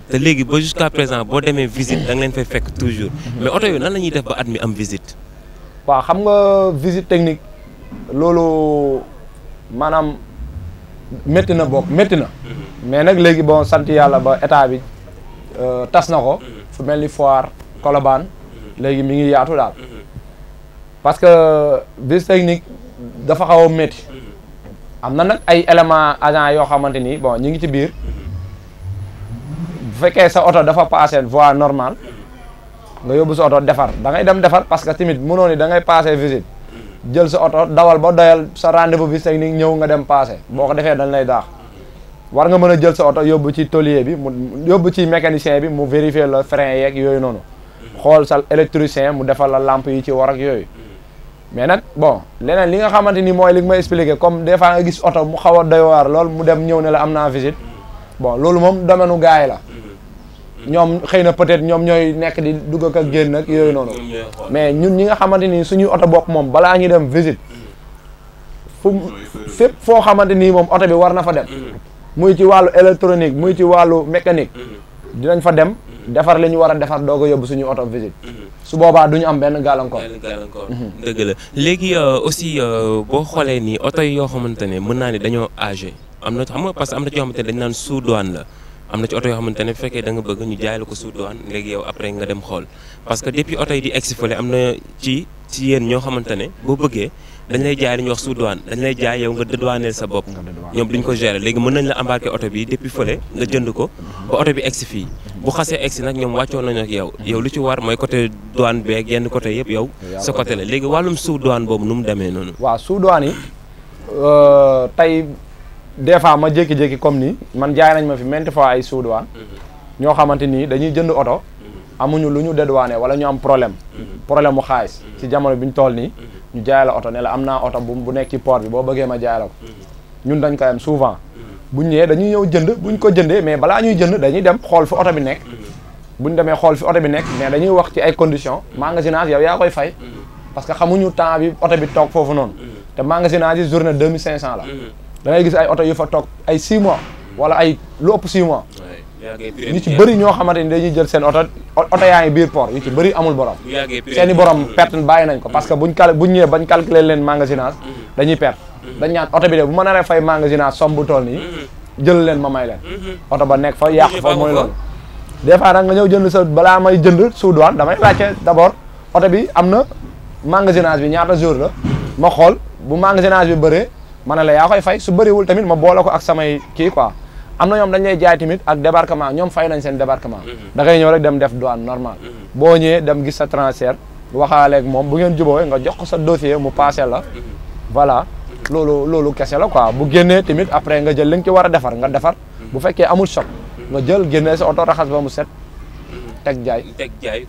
te léegi ba jusqu'à présent boo demee visite da nga leen fay fekk toujours. mais oto yooyu nan la ñuy def ba at mi am visite. waaw xam nga visit technique loolu maanaam métti na bokk métti na. mais nag léegi bon sant yàlla ba état bi euh, tas na ko. fu mel ni foir Colobane léegi mi ngi yaatu daal. parce que visite technique dafa xaw a métti. am na nag ay élément agent yoo xamante ni bon ñu ngi ci biir bu fekkee sa oto dafa passé voie normal nga yóbbu sa oto defar da ngay dem defar parce que tamit mënoo ni da ngay passé visite jël sa oto dawal ba doyal sa rendez-vous bi say ni ñëw nga dem passé boo ko defee dañ lay daax war nga mën a jël sa oto yóbbu ci tôlier bi mu yóbbu ci mécanicien bi mu vérifier la frein yeeg yooyu noonu xool sa électricien mu defal la lampe yi ci war ak yooyu mais nag bon leneen li nga xamante ni mooy li ma expliqué comme des fois nga gis oto mu xaw a doy waar lool mu dem ñëw ne la am naa visite bon loolu moom domaine gaay la ñoom xëy na peut-être ñoom ñooy nekk di dugg ak génn nag yooyu noonu mais ñun ñi nga xamante ni suñuy oto bopp moom balaa ñuy dem visite fu fépp foo xamante ni moom oto bi war na fa dem mm-hmm. muy ci wàllu électronique muy ci wàllu mécanique mm-hmm. dinañ fa dem defar li ñu war a defar doog a yóbbu suñu auto visite. Mhm. su boobaa duñu am benn gàllankoor. benn gàllankoor. Mhm. dëgg la léegi euh, aussi euh, boo xoolee ni oto yi yoo xamante ne mën naa ne dañoo âgé am na xam nga parce que am na ci yoo xamante ne dañ naan sous douane la. am na ci oto yoo xamante ne fekkee da nga bëgg ñu jaay la ko sous douane léegi yow après nga dem xool parce que depuis oto yi di egsi fële am na ci ci yéen ñoo xamante ne boo bëggee. dañ lay jaay li ñuy wax sous douane dañ lay jaay yow nga dédouaneel sa bopp ñoom duñ ko gérer léegi mën nañ la embarquer oto bi depuis fële nga jënd ko ba oto bi egsi fii bu xasee egsi nag ñoom wàccoon nañu ak yow yow lu ci war mooy côté douane beeg genn côté yëpp yow sa côté la léegi wàllum sous boobu nu mu demee noonu waaw sous yi euh, tey des fois ma jékki-jékki comme nii man jaay nañ ma fi maintes fois ay sous douane ñoo xamante nii dañuy jënd oto amuñu lu ñu dédouané wala ñu am problème mhm. problème mu xaalis ci jamono bi ñu toll nii mhm. ñu jaay la oto ne la am naa oto bu bu nekk ci port bi boo bëggee ma jaay la ko ñun dañ ko am souvent buñ ñëwee dañuy ñëw jënd buñ ko jëndee mais balaa ñuy jënd dañuy dem xool fi oto bi nekk buñ demee xool fi oto bi nekk mais dañuy wax ci ay condition magasinage yow yaa koy fay parce que xamuñu temps bi oto bi toog foofu noonu te magasinage yi journée deux mille cinq cent la mm-hmm. dangay gis ay oto yu fa toog ay six mois wala ay lu ëpp six ñu ci bëri ñoo xamante ni dañuy jël seen oto oto yaa ngi biir port ñu ci bëri amul borom seeni borom perte bàyyi nañ ko parce que mm. buñ cal buñ ñëwee bañ calculer leen magasinage mm. dañuy perte mm. dañ ñaan oto bi de bu ma naree fay magasinage somme bu toll nii jël leen ma may leen mm-hmm. oto ba nekk fa yàq fa mooy loolu des fois nag nga ñëw jënd sa balaa may jënd sous douane damay laajte d'abord oto bi am na magasinage bi ñaata jour la ma xool bu magasinage bi bëree ma ne la yaa koy fay su bëriwul tamit ma boole ko ak samay kii quoi am na ñoom dañ lay jaay tamit ak débarquement ñoom fay nañ seen débarquement mhm. da ngay ñëw rek dem def douane normal mhm. boo ñëwee dem gis sa transfert waxaaleeg moom bu ngeen jubóowe nga jox ko sa dossier mu paase la mhm. voilà loolu loolu kese la quoi bu génnee tamit après nga jël li nga ci war a defar nga defar bu fekkee amul choc nga jël génnee sa oto raxas ba mu set teg jaay teg jaay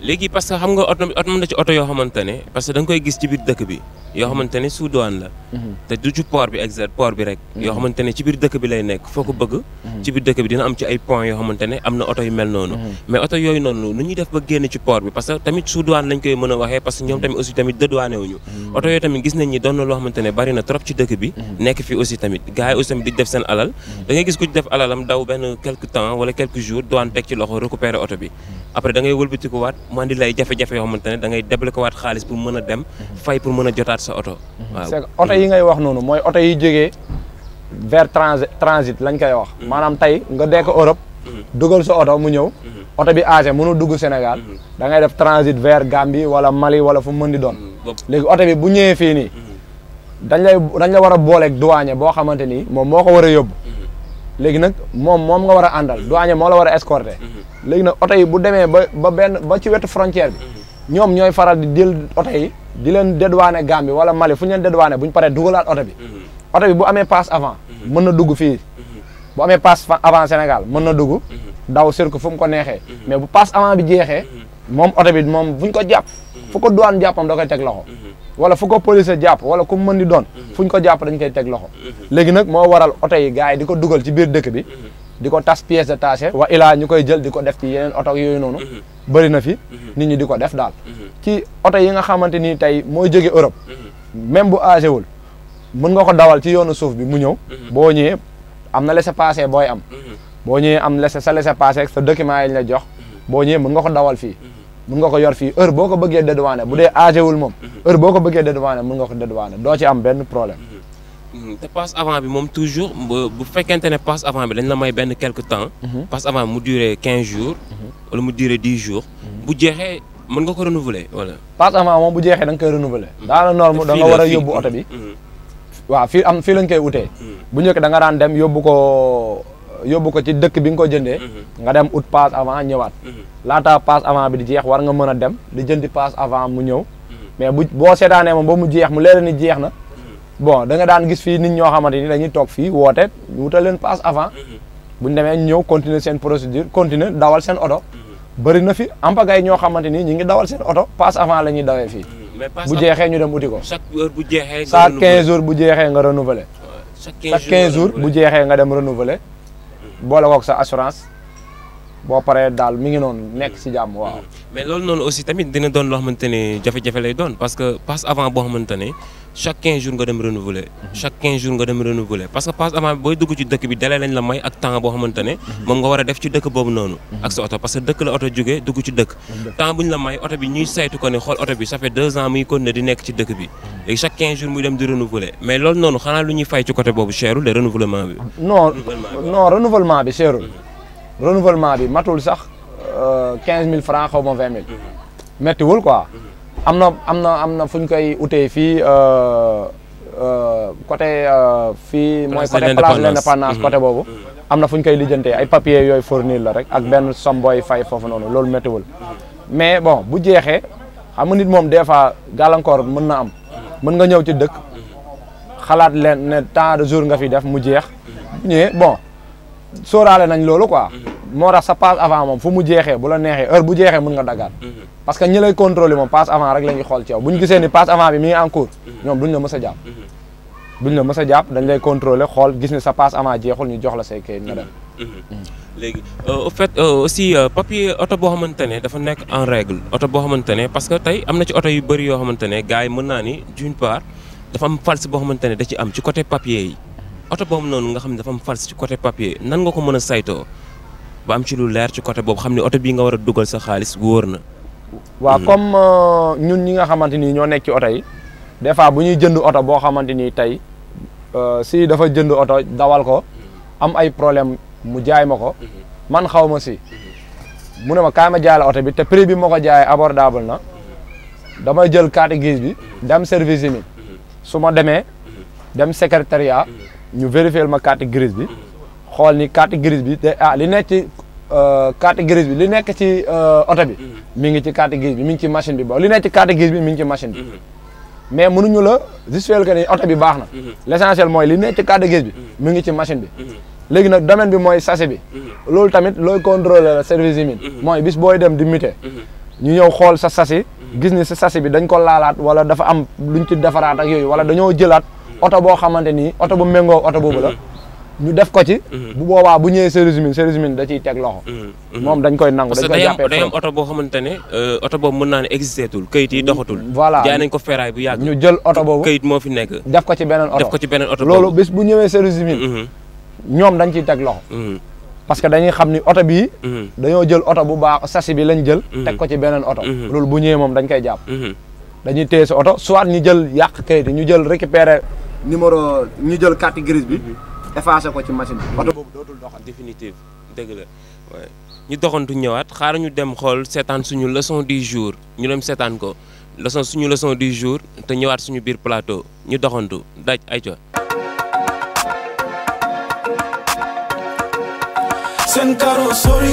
léegi parce que xam nga oto oto mën na ci oto yoo xamante ne parce que da koy gis ci biir dëkk bi yoo xamante ne sous la mhm. te du ci port bi exact port bi rek mhm. yoo xamante ne ci biir dëkk bi lay nekk foo ko bëgg mhm. ci biir dëkk bi dina am ci ay point yoo xamante ne am na oto yu mel noonu mais oto yooyu noonu nu ñuy def ba génn ci port bi parce tamit sous douane lañ koy mën a waxee parce ñoom tamit aussi oto yooyu tamit gis nañ ni loo xamante ne mandi lay jafé jafé yo xamantene da ngay ko wat xaalis pour mëna dem fay pour mëna jotat sa auto waaw c'est auto yi ngay wax nonu moy auto yi jógee vers transit lañ koy wax mm-hmm. manam tay nga dék mm-hmm. Europe mm-hmm. dugal sa auto mu ñew auto bi agé mënul dugg Sénégal da ngay def transit vers Gambie wala Mali wala fu mëndi doon légui auto bi bu ñëwé fi ni dañ lay dañ la wara bolé booleeg douane bo xamanteni mom moko wara yobbu léegi nag moom moom nga war a àndal douane moo la war a escorter. Mhm. léegi nag oto yi bu demee ba ba benn ba ci wetu frontière bi. Mhm. ñoom ñooy faral di jël oto yi. di leen dédouané Gambie wala Mali fu ñu leen dédouané bu ñu paree dugalaat oto bi. Mhm. oto bi bu amee passe avant. mën na dugg fii. bu amee passe avant Sénégal mën na dugg. daw cirque fu mu ko neexee. mais bu passe avant bi jeexee. moom oto bi moom bu ñu ko jàpp. fu ko duwaan jàppam da koy teg loxo. wala fu ko police jàpp wala ku mën di doon mhm. fu ñu ko jàpp dañ koy teg loxo mhm. léegi nag moo waral oto yi gars yi di ko dugal ci biir dëkk bi mhm. di ko tas pièce détachée wa ilaa ñu koy jël di ko def ci yeneen oto yooyu noonu bëri na fi nit ñi di ko def daal ci oto yi nga xamante ni tey mooy jóge Europe même bu âgé wul mën nga ko dawal ci yoonu suuf bi mu ñëw boo ñëwee am na laissez-passer booy am boo ñëwee am laissez sa laissez-passer sa document yi ñu jox boo ñëwee mën nga ko dawal fii mun nga ko yor fii heure boo ko bëggee dédouané bu dee âgé wul moom heure boo ko bëggee dédouané mun nga ko dédouané doo ci am benn problème mm-hmm. te passe avant bi moom toujours bu fekkente ne passe avant bi dañ la may benn quelque temps mm-hmm. passe avant bi mu duré quinze jours mm-hmm. wala mu duré dix jours bu jeexee mën nga ko renouveler wala passe avant moom bu jeexee da nga koy renouveler daana norme da nga a yóbbu oto bi waaw fii am fii lañ koy utee bu njëkk da nga daan dem yóbbu ko yóbbu ko ci dëkk bi nga ko jëndee mhm. nga dem ut passe avant ñëwaat mhm. laata passe avant bi di jeex war nga mën a dem di jëndi passe avant mu ñëw mhm. mais bu boo seetaanee moom ba mu jeex mu leer ni jeex na bon danga nga daan gis fii nit ñoo xamante ni dañuy toog fii woote wutal leen passe avant bu ñu demee ñëw continuer seen procédure continuer dawal seen oto bëri na fi ampagay ñoo xamante ni ñu ngi dawal seen oto passe avant la ñuy dawee fii bu jeexee ñu dem uti ko chaque heure bu jeexee chaque quinze jours bu jeexee nga renouveler chaque quinze jours bu jeexee nga dem renouveler boole kook sa assurance boo paree daal mi ngi noonu nekk si jàmm waaw. Mm-hmm. mais loolu noonu aussi tamit dina doon loo xamante jafe-jafe lay doon parce passe avant boo xamante ne chaque 15 jours nga dem renouveler. Mm-hmm. chaque 15 passe avant booy dugg ci dëkk bi délai lañ la may ak temps boo xamante mm-hmm. moom nga war a def ci dëkk boobu noonu. ak sa oto parce dëkk la oto jógee dugg ci dëkk. temps bu la may oto bi ñuy saytu ko ne xool oto bi ça fait ans muy bi. léegi chaque 15 jours muy dem di renouveler mais loolu noonu xanaa lu ñuy fay ci côté boobu cherul le renouvellement bi. non non renouvellement bi cherul. renouvellement bi matul sax 15000 euh, francs xaw ma 20000. méttiwul mhm. quoi. Mhm. am na am na am na fu ñu koy utee fii euh, euh, côté fii. mooy côté place de l'indépendance mhm. côté boobu. am na fu ñu koy lijjantee ay papiers yoy fournir la rek ak ben somboy fay fofu foofu lolou metti wul mais bon bu jexé xam nga nit mom des fois galancor meuna am. mën nga ñëw ci dëkk xalaat leen ne temps de jour nga fi def mu jeex ñëwee bon sóoraale nañ loolu quoi mm-hmm. moo tax sa passe avant moom fu mu jeexee bu la neexee heure bu jeexee mën nga dagaat mm-hmm. parce que ñi lay contrôler moom passe avant rek la xool ci yow bu ñu gisee ni passe avant bi mi ngi en cours mm-hmm. ñoom duñ la mës a jàpp ñu la mës jàpp dañ lay contrôler xool gis ni sa passe avant jeexul ñu jox la say kayit nga dem mm. léegi euh, au fait euh, aussi euh, papier oto boo xamante ne dafa nekk en règle oto boo xamante ne parce que tey am na ci oto yu bëri yoo xamante ne gars yi mën naa ni d'une part dafa am false boo xamante ne da ci am ci côté papier yi oto boobu noonu nga xam ne dafa am false ci côté papier nan nga ko mën a saytoo ba am ci lu leer ci côté boobu xam ne oto bii nga war a dugal sa xaalis wóor na. waaw hmm. comme ñun ñi nga xamante ni ñoo nekk ci oto yi des fois bu ñuy jënd oto boo xamante ni tey si dafa jënd oto dawal ko am ay problème mu jaay ma ko mhm. man xaw ma si mhm. mu ne ma kaay ma jaay la oto bi te prix bi moo ko jaayee abordable na mhm. damay jël carte gis bi dam service mi su ma demee dem secrétariat ñu vérifier ma carte gris bi xool ni carte gris bi te ah li nekk ci euh, carte grise bi li nekk ci euh, oto bi mi ngi ci carte grise bi mi ngi ci machine bi ba li nekk ci carte grise bi mi ngi ci machine bi mais mënuñu la justifier que ni oto bi baax na l' mooy li nekk ci carte grise bi mi ngi ci machine bi léegi nag domaine bi mooy sachet bi. Mhm. loolu tamit looy contrôler la service humide. Mhm. mooy bis booy dem di muté. Mhm. ñu ñëw xool sa sachet. gis ni sa sachet bi dañ ko laalaat wala dafa am luñ ci defaraat ak yooyu wala dañoo jëlaat. oto boo xamante ni oto bu méngoo oto boobu la. ñu def ko ci. bu boobaa bu ñëwee service mine service mine ciy teg loxo. moom dañ koy nangu dañ koy jàppee oto boo xamante ne euh, oto boobu mën naa ne existé kayit yi doxatul. voilà nañ ko ferraille bu yàgg. ñu jël oto boobu kayit moo fi nekk. def ko ci beneen oto ko ci beneen oto loolu bis bu ñëwee service mine. ñoom dañ ciy teg loxo. Mm. parce que dañuy xam ni oto bii. Mm. dañoo jël oto bu baax sasi bi lañ jël. Mm. teg ko ci beneen oto. loolu bu ñëwee moom dañ koy jàpp. dañuy téye sa oto soit ñu jël yàq kayit ñu jël récupérer numéro ñu jël carte grise bi. effacé ko ci machine bi. oto boobu dootul doxal définitive dëgg la waaye ñu doxantu ñëwaat xaar ñu dem xool seetaan suñu leçon di jour ñu dem seetaan ko leçon suñu leçon du jour te ñëwaat suñu biir plateau ñu doxantu daj ay Sen sorry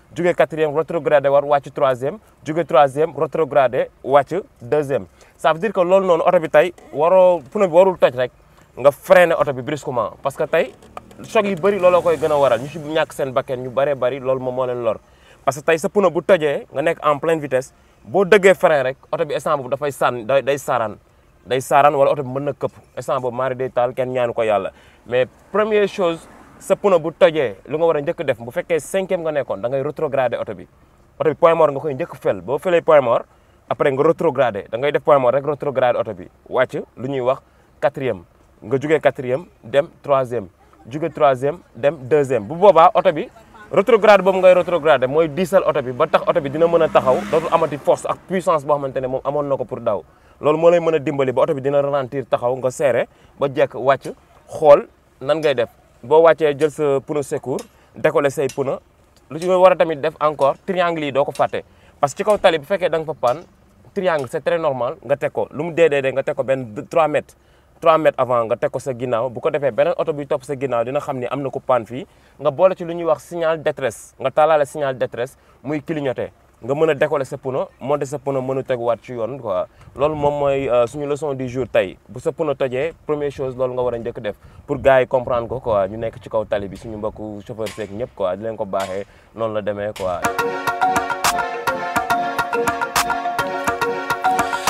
jóge quatrième rétrogradé war wàcc troisième jóge troisième rétrogradé wàcc deuxième ça veut dire que loolu noonu oto bi tey waroo pneu bi warul toj rek nga ne oto bi brusquement parce que tey choc yu bëri looloo koy gën a waral ñu si ñàkk seen bakkan ñu bëree bëri loolu moom moo leen lor parce que tey sa pneu bu tojee nga nekk en pleine vitesse boo dëggee frein rek oto bi instant boobu dafay sànn day day saaraan day saaraan wala oto bi mën na këpp instant boobu maari day taal kenn ñaanu ko yàlla sa bu tojee lu nga war a njëkk def bu fekkee cinquième nga nekkoon dangay ngay rétrogradé oto bi oto bi point mort nga koy njëkk fel boo felee point mort après nga rétrogradé da def point mort rek rétrogradé oto bi wàcc lu ñuy wax quatrième nga jugee quatrième dem troisième jugee troisième dem deuxième bu boobaa oto bi rétrograde boobu ngay rétrogradé mooy diisal oto bi ba tax oto bi dina mën a taxaw dootul amati force ak puissance boo xamante ne moom amoon na ko pour daw loolu moo lay mën a dimbali ba oto bi dina taxaw nga serré ba jekk wàcc xool nan ngay def boo wàccee jël sa pneu secours décoller say pneu lu ci war a tamit def encore triangle yi doo ko fàtte parce que ci kaw tali bu fekkee da nga fa paan triangle c'est très normal nga teg ko lu mu dee dee nga teg ko benn 3 mètres avant nga teg ko sa ginnaaw bu ko defee beneen oto bi topp sa ginnaaw dina xam ni am na ku paan fii nga boole ci lu ñuy wax signal détresse nga taalaale signal détresse muy clignoter. nga mëna décoller sa pneu monter sa pneu mëna tégg wat ci yoon quoi lool mom moy suñu leçon du jour tay bu sa pneu tojé première chose lool nga wara ñëk def pour gaay comprendre ko quoi ñu nekk ci kaw tali bi suñu mbokk chauffeur sék ñëpp quoi di leen ko baxé non la démé quoi.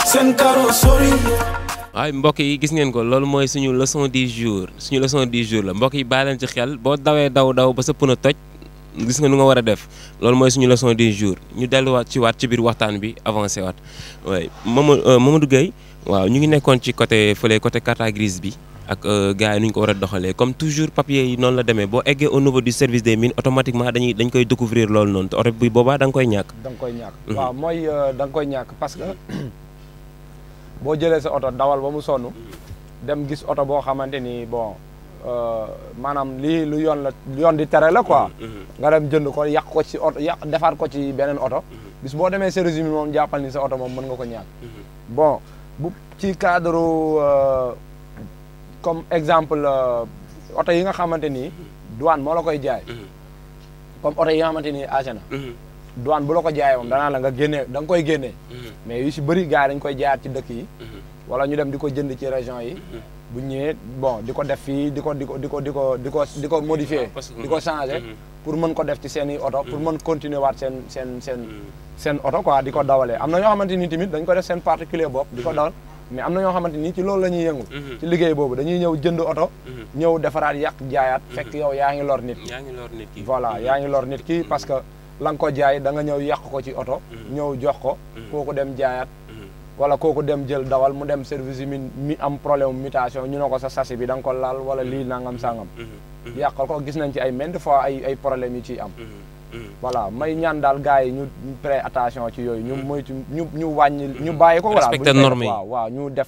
sen karo sori. ay mbokk yi gis ngeen ko lool moy suñu leçon du jour suñu leçon du jour la mbokk yi ba leen ci xel bo dawé daw daw ba sa pneu toj. gis nga nu nga war a def loolu mooy suñu leçon du jour ñu delluwaat ci waat ci biir waxtaan bi avancé waat waaye Mamadou euh, Mamadou Gueye waaw ñu ngi nekkoon ci côté fële côté carte grise bi ak euh, gars yi nu ñu ko war a doxalee comme toujours papier yi noonu la demee boo eggee au niveau du service des mines automatiquement dañuy dañ koy découvrir loolu noonu te oto bi boobaa da nga koy ñàkk. da nga koy ñàkk mm-hmm. waaw mooy euh, da nga koy ñàkk parce que boo jëlee sa oto dawal ba mu sonn dem gis oto boo xamante ni bon. Euh, maanaam lii lu yoon la lu yoon di tere la quoi. Mm-hmm. Mm-hmm. nga jënd ko yàq ko ci oto yàq defaat ko ci beneen oto. Mm-hmm. bis boo demee service bi moom jàppal ni sa oto moom mën nga ko ñaan bon bu ci cadre euh, comme exemple euh, oto yi nga xamante ni douane moo la koy jaay. comme oto yi nga xamante ni agent na. bu la ko jaayee moom danaa la nga génnee da nga koy génnee. mais yu si bëri gars yi dañ koy jaayaat ci dëkk yi. wala ñu dem di ko jënd ci région yi. bu ñëwee bon di ko def fii di ko di ko di ko di ko di ko di ko modifier ah, di ko changer mm-hmm. pour mën ko def ci seeni oto pour mm. mën continuer waat seen seen seen mm. seen oto quoi di ko dawale am na ñoo xamante ni tamit dañ ko def seen particulier bopp di ko mm-hmm. dawal mais am na ñoo xamante ni ci loolu la ñuy yëngu mm-hmm. ci liggéey boobu dañuy ñëw jënd oto ñëw defaraat yàq jaayaat fekk yow yaa ngi lor nit ki voilà yaa ngi loor nit ki parce que la nga ko jaay da ñëw yàq ko ci oto ñëw jox ko kooku dem jaayaat wala kooku dem jël dawal mu dem service yi mi am problème mutation ñu ne ko sa sasi bi da nga ko laal wala lii nangam sangam. Mm-hmm. Mm-hmm. yàqal ko gis nañ ci ay maintes fois ay ay problèmes yu ciy am. Mm-hmm. voilà may ñaan daal gars yi ñu prêter attention ci yooyu. ñu moytu ñu ñu wàññi. ñu bàyyi ko. respecté normes yi waaw waaw ñu def.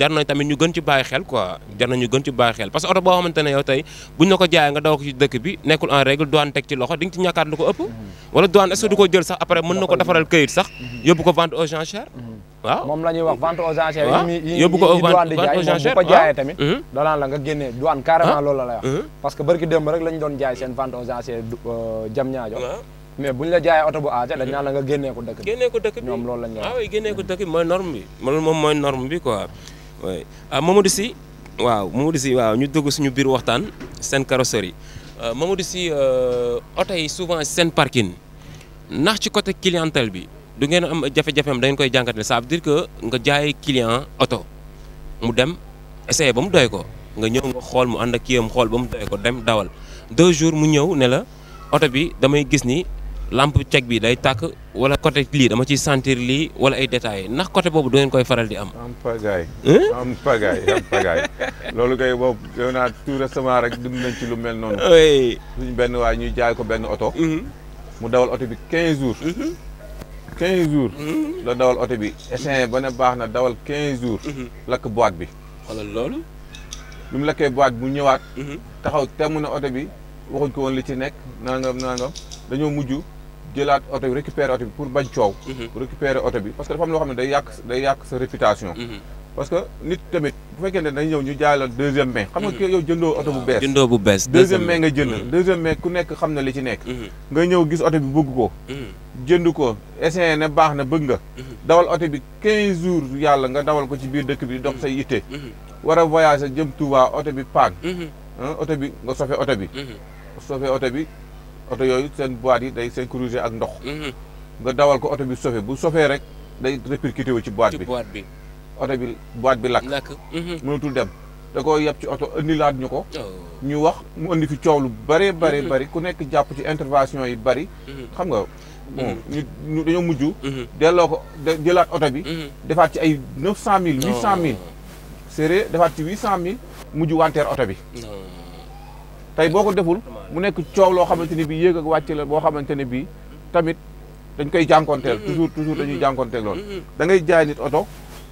jar tamit ñu gën ci baye xel quoi jar ñu gën ci baye xel parce que auto bo xamantene yow tay buñ la ko jaay nga daw ko ci dëkk bi nekkul en règle douane tek ci loxo ding ci ñàkkaat lu ko ëpp mm-hmm. wala douane est-ce du ko jël sax après mën na ko defaral këyit sax mm-hmm. yobbu ko vente aux enchères mm-hmm. waaw mom lañuy wax vente aux enchères yi yobbu ko vente aux jaay moom ko jaay ah. tamit da la nga génnee douane carrément ah. loolu la lay wax parce que barki dem rek lañ doon jaay seen vente aux enchères euh, jam ñaajo mais buñ la jaay auto bu aaja dañ na la nga génnee ko dëkk bi ko dëkk bi ñoom loolu lañ la ah wax waaw génnee ko dëkk bi mooy norme bi moom moy norme bi quoi oui ah Mamadou Sy waaw Mamadou si waaw ñu dugg suñu biir waxtaan seen carrosserie yi euh, Mamadou si euh, oto yi souvent seen parking ndax ci côté clientèle bi du ngeen am jafe-jafeem da ngeen koy jàngatale ça veut dire que nga jaay client oto mu dem essayé ba mu doy ko nga ñëw nga xool mu ànd ak kiyam xool ba mu doy ko dem dawal deux jours mu ñëw ne oto bi damay gis ni. làmp ceg bi day tàkk wala côté lii dama ciy sentir lii wala ay détails ndax côté boobu du ngeen koy faral di am. am pagaille. am pagaille loolu kay boobu yow naa tout récemment rek dund nañ ci lu mel noonu. suñ benn waay ñuy jaay ko benn oto. Mhm. mu dawal oto bi 15 jours. 15 mhm. jours. Mhm. la dawal oto bi essayé ba ne baax na dawal 15 jours. lakk boîte bi. xoolal loolu. lu mu lakkee boîte bu ñëwaat. taxaw temm na oto bi waxuñ ko woon li ci nekk nangam nangam dañoo mujj. jëlaat oto bi récupérer oto bi pour bañ coow. Mhm. récupérer oto bi parce que dafa am loo xam ne day yàq day yàq sa réputation. Mhm. parce que nit tamit bu fekkee ne dañ ñëw ñu jaay la deuxième main. xam nga mhm. yow jëndoo oto bu ah. bees. jëndoo bu bees deuxième main nga jënd. deuxième main ku nekk xam na li ci nekk. nga ñëw gis oto bi bëgg ko. jënd ko essayé ne baax na bëgg nga. dawal oto bi 15 jours yàlla nga dawal ko ci biir dëkk bi dox sa yitte. war a voyager jëm tubaa oto bi paan. oto bi nga sofe oto bi. sofe oto bi. oto yooyu seen boîte yi day synchroniser ak ndox. Mhm. nga dawal ko oto bi sofe bu sofee rek day répercuté wu ci boîte bi ci oto bi boîte bi lakk. lakk mhm. mënatul dem da koo yab ci oto indilaat ñu ko. Oh. ñu wax mu indi fi coow lu bëree bëri mhm. bëri ku nekk jàpp ci intervention yi bëri. xam nga. bon ñu dañoo mujj. delloo ko jëlaat oto bi. defaat ci ay neuf cent mille huit cent mille. Oh. serré defaat ci huit cent mille mujj wanteer oto bi. tey boo ko deful mu nekk coow loo xamante ni bii yéeg ak wàcc la boo xamante ne bii tamit dañ koy jànkoonteel mm-hmm. toujours toujours dañuy mm-hmm. jànkoonteel lool mm-hmm. da ngay jaay nit oto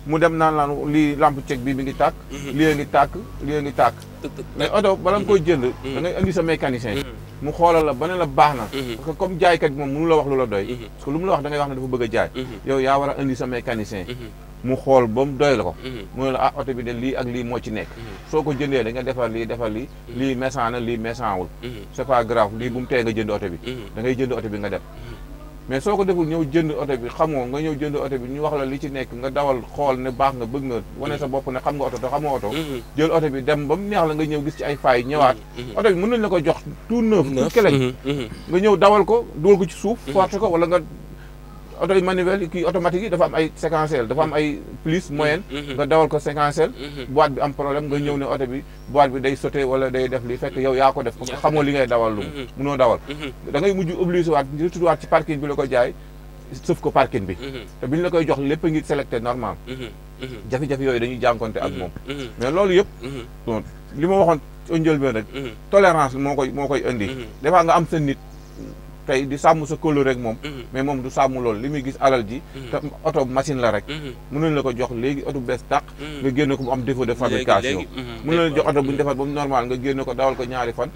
mu dem naan lampu cek lampe ceeg bi mi ngi tàkk mhm. lii ngi tàkk lii ngi tàkk mais oto bala koy jënd mhm. da ngay indi sa mécanicien mhm. mu xoolal la ba ne parce que comme jaaykat bi moom mënu la wax lu doy parce que lu mu la wax da ngay wax ne dafa bëgg a jaay yow yaa war a sa mécanicien mu doy la ko mu ne la ah oto bi de lii ak lii moo ci nekk li ko jëndee da nga defar lii defar lii lii mesan na c'est pas grave bu mu nga jënd bi da ngay jënd bi nga mais soo ko deful ñëw jënd oto bi xamoo nga ñëw jënd oto bi ñu wax la li ci nekk nga dawal xool ne baax nga bëgg nga wane sa bopp ne xam nga oto te xamoo oto mm-hmm. jël oto bi dem ba mu neex la nga ñëw gis ci ay faay ñëwaat mm-hmm. Mm-hmm. oto bi mën nañ la ko jox tout neuf tout keleñ nga ñëw dawal ko dugal ko ci suuf forcé ko wala nga oto yi manuel kii automatique yi dafa am ay séquentiel dafa am ay plus mm-hmm. moyenne. Mm-hmm. nga dawal ko séquentiel. Mm-hmm. boîte bi am problème nga ñëw ne oto bi boîte bi day sauté wala day def li fekk yow yaa ko def. ko que xamoo li ngay dawal lu munoo dawal. da ngay mujj obligé waat retour waat ci parking bi la ko jaay sëf ko parking bi. te bi ñu la koy jox lépp ngi sélecté normal. jafe-jafe yooyu dañuy jànkonte ak moom. mais loolu yëpp. li ma waxoon njëlbeen rek. bi moo koy moo koy indi. des nga am sa nit. tay di sammu sa kóllëre rek mom mhm. mais mom du sammu lol limi gis alal ji mhm. te auto machine la rek mhm. mënuñ la ko jox legi auto bes tak nga génne ko am défaut de fabrication mënuñ la jox auto bu ñu defar normal nga génne ko dawal ko ñaari fan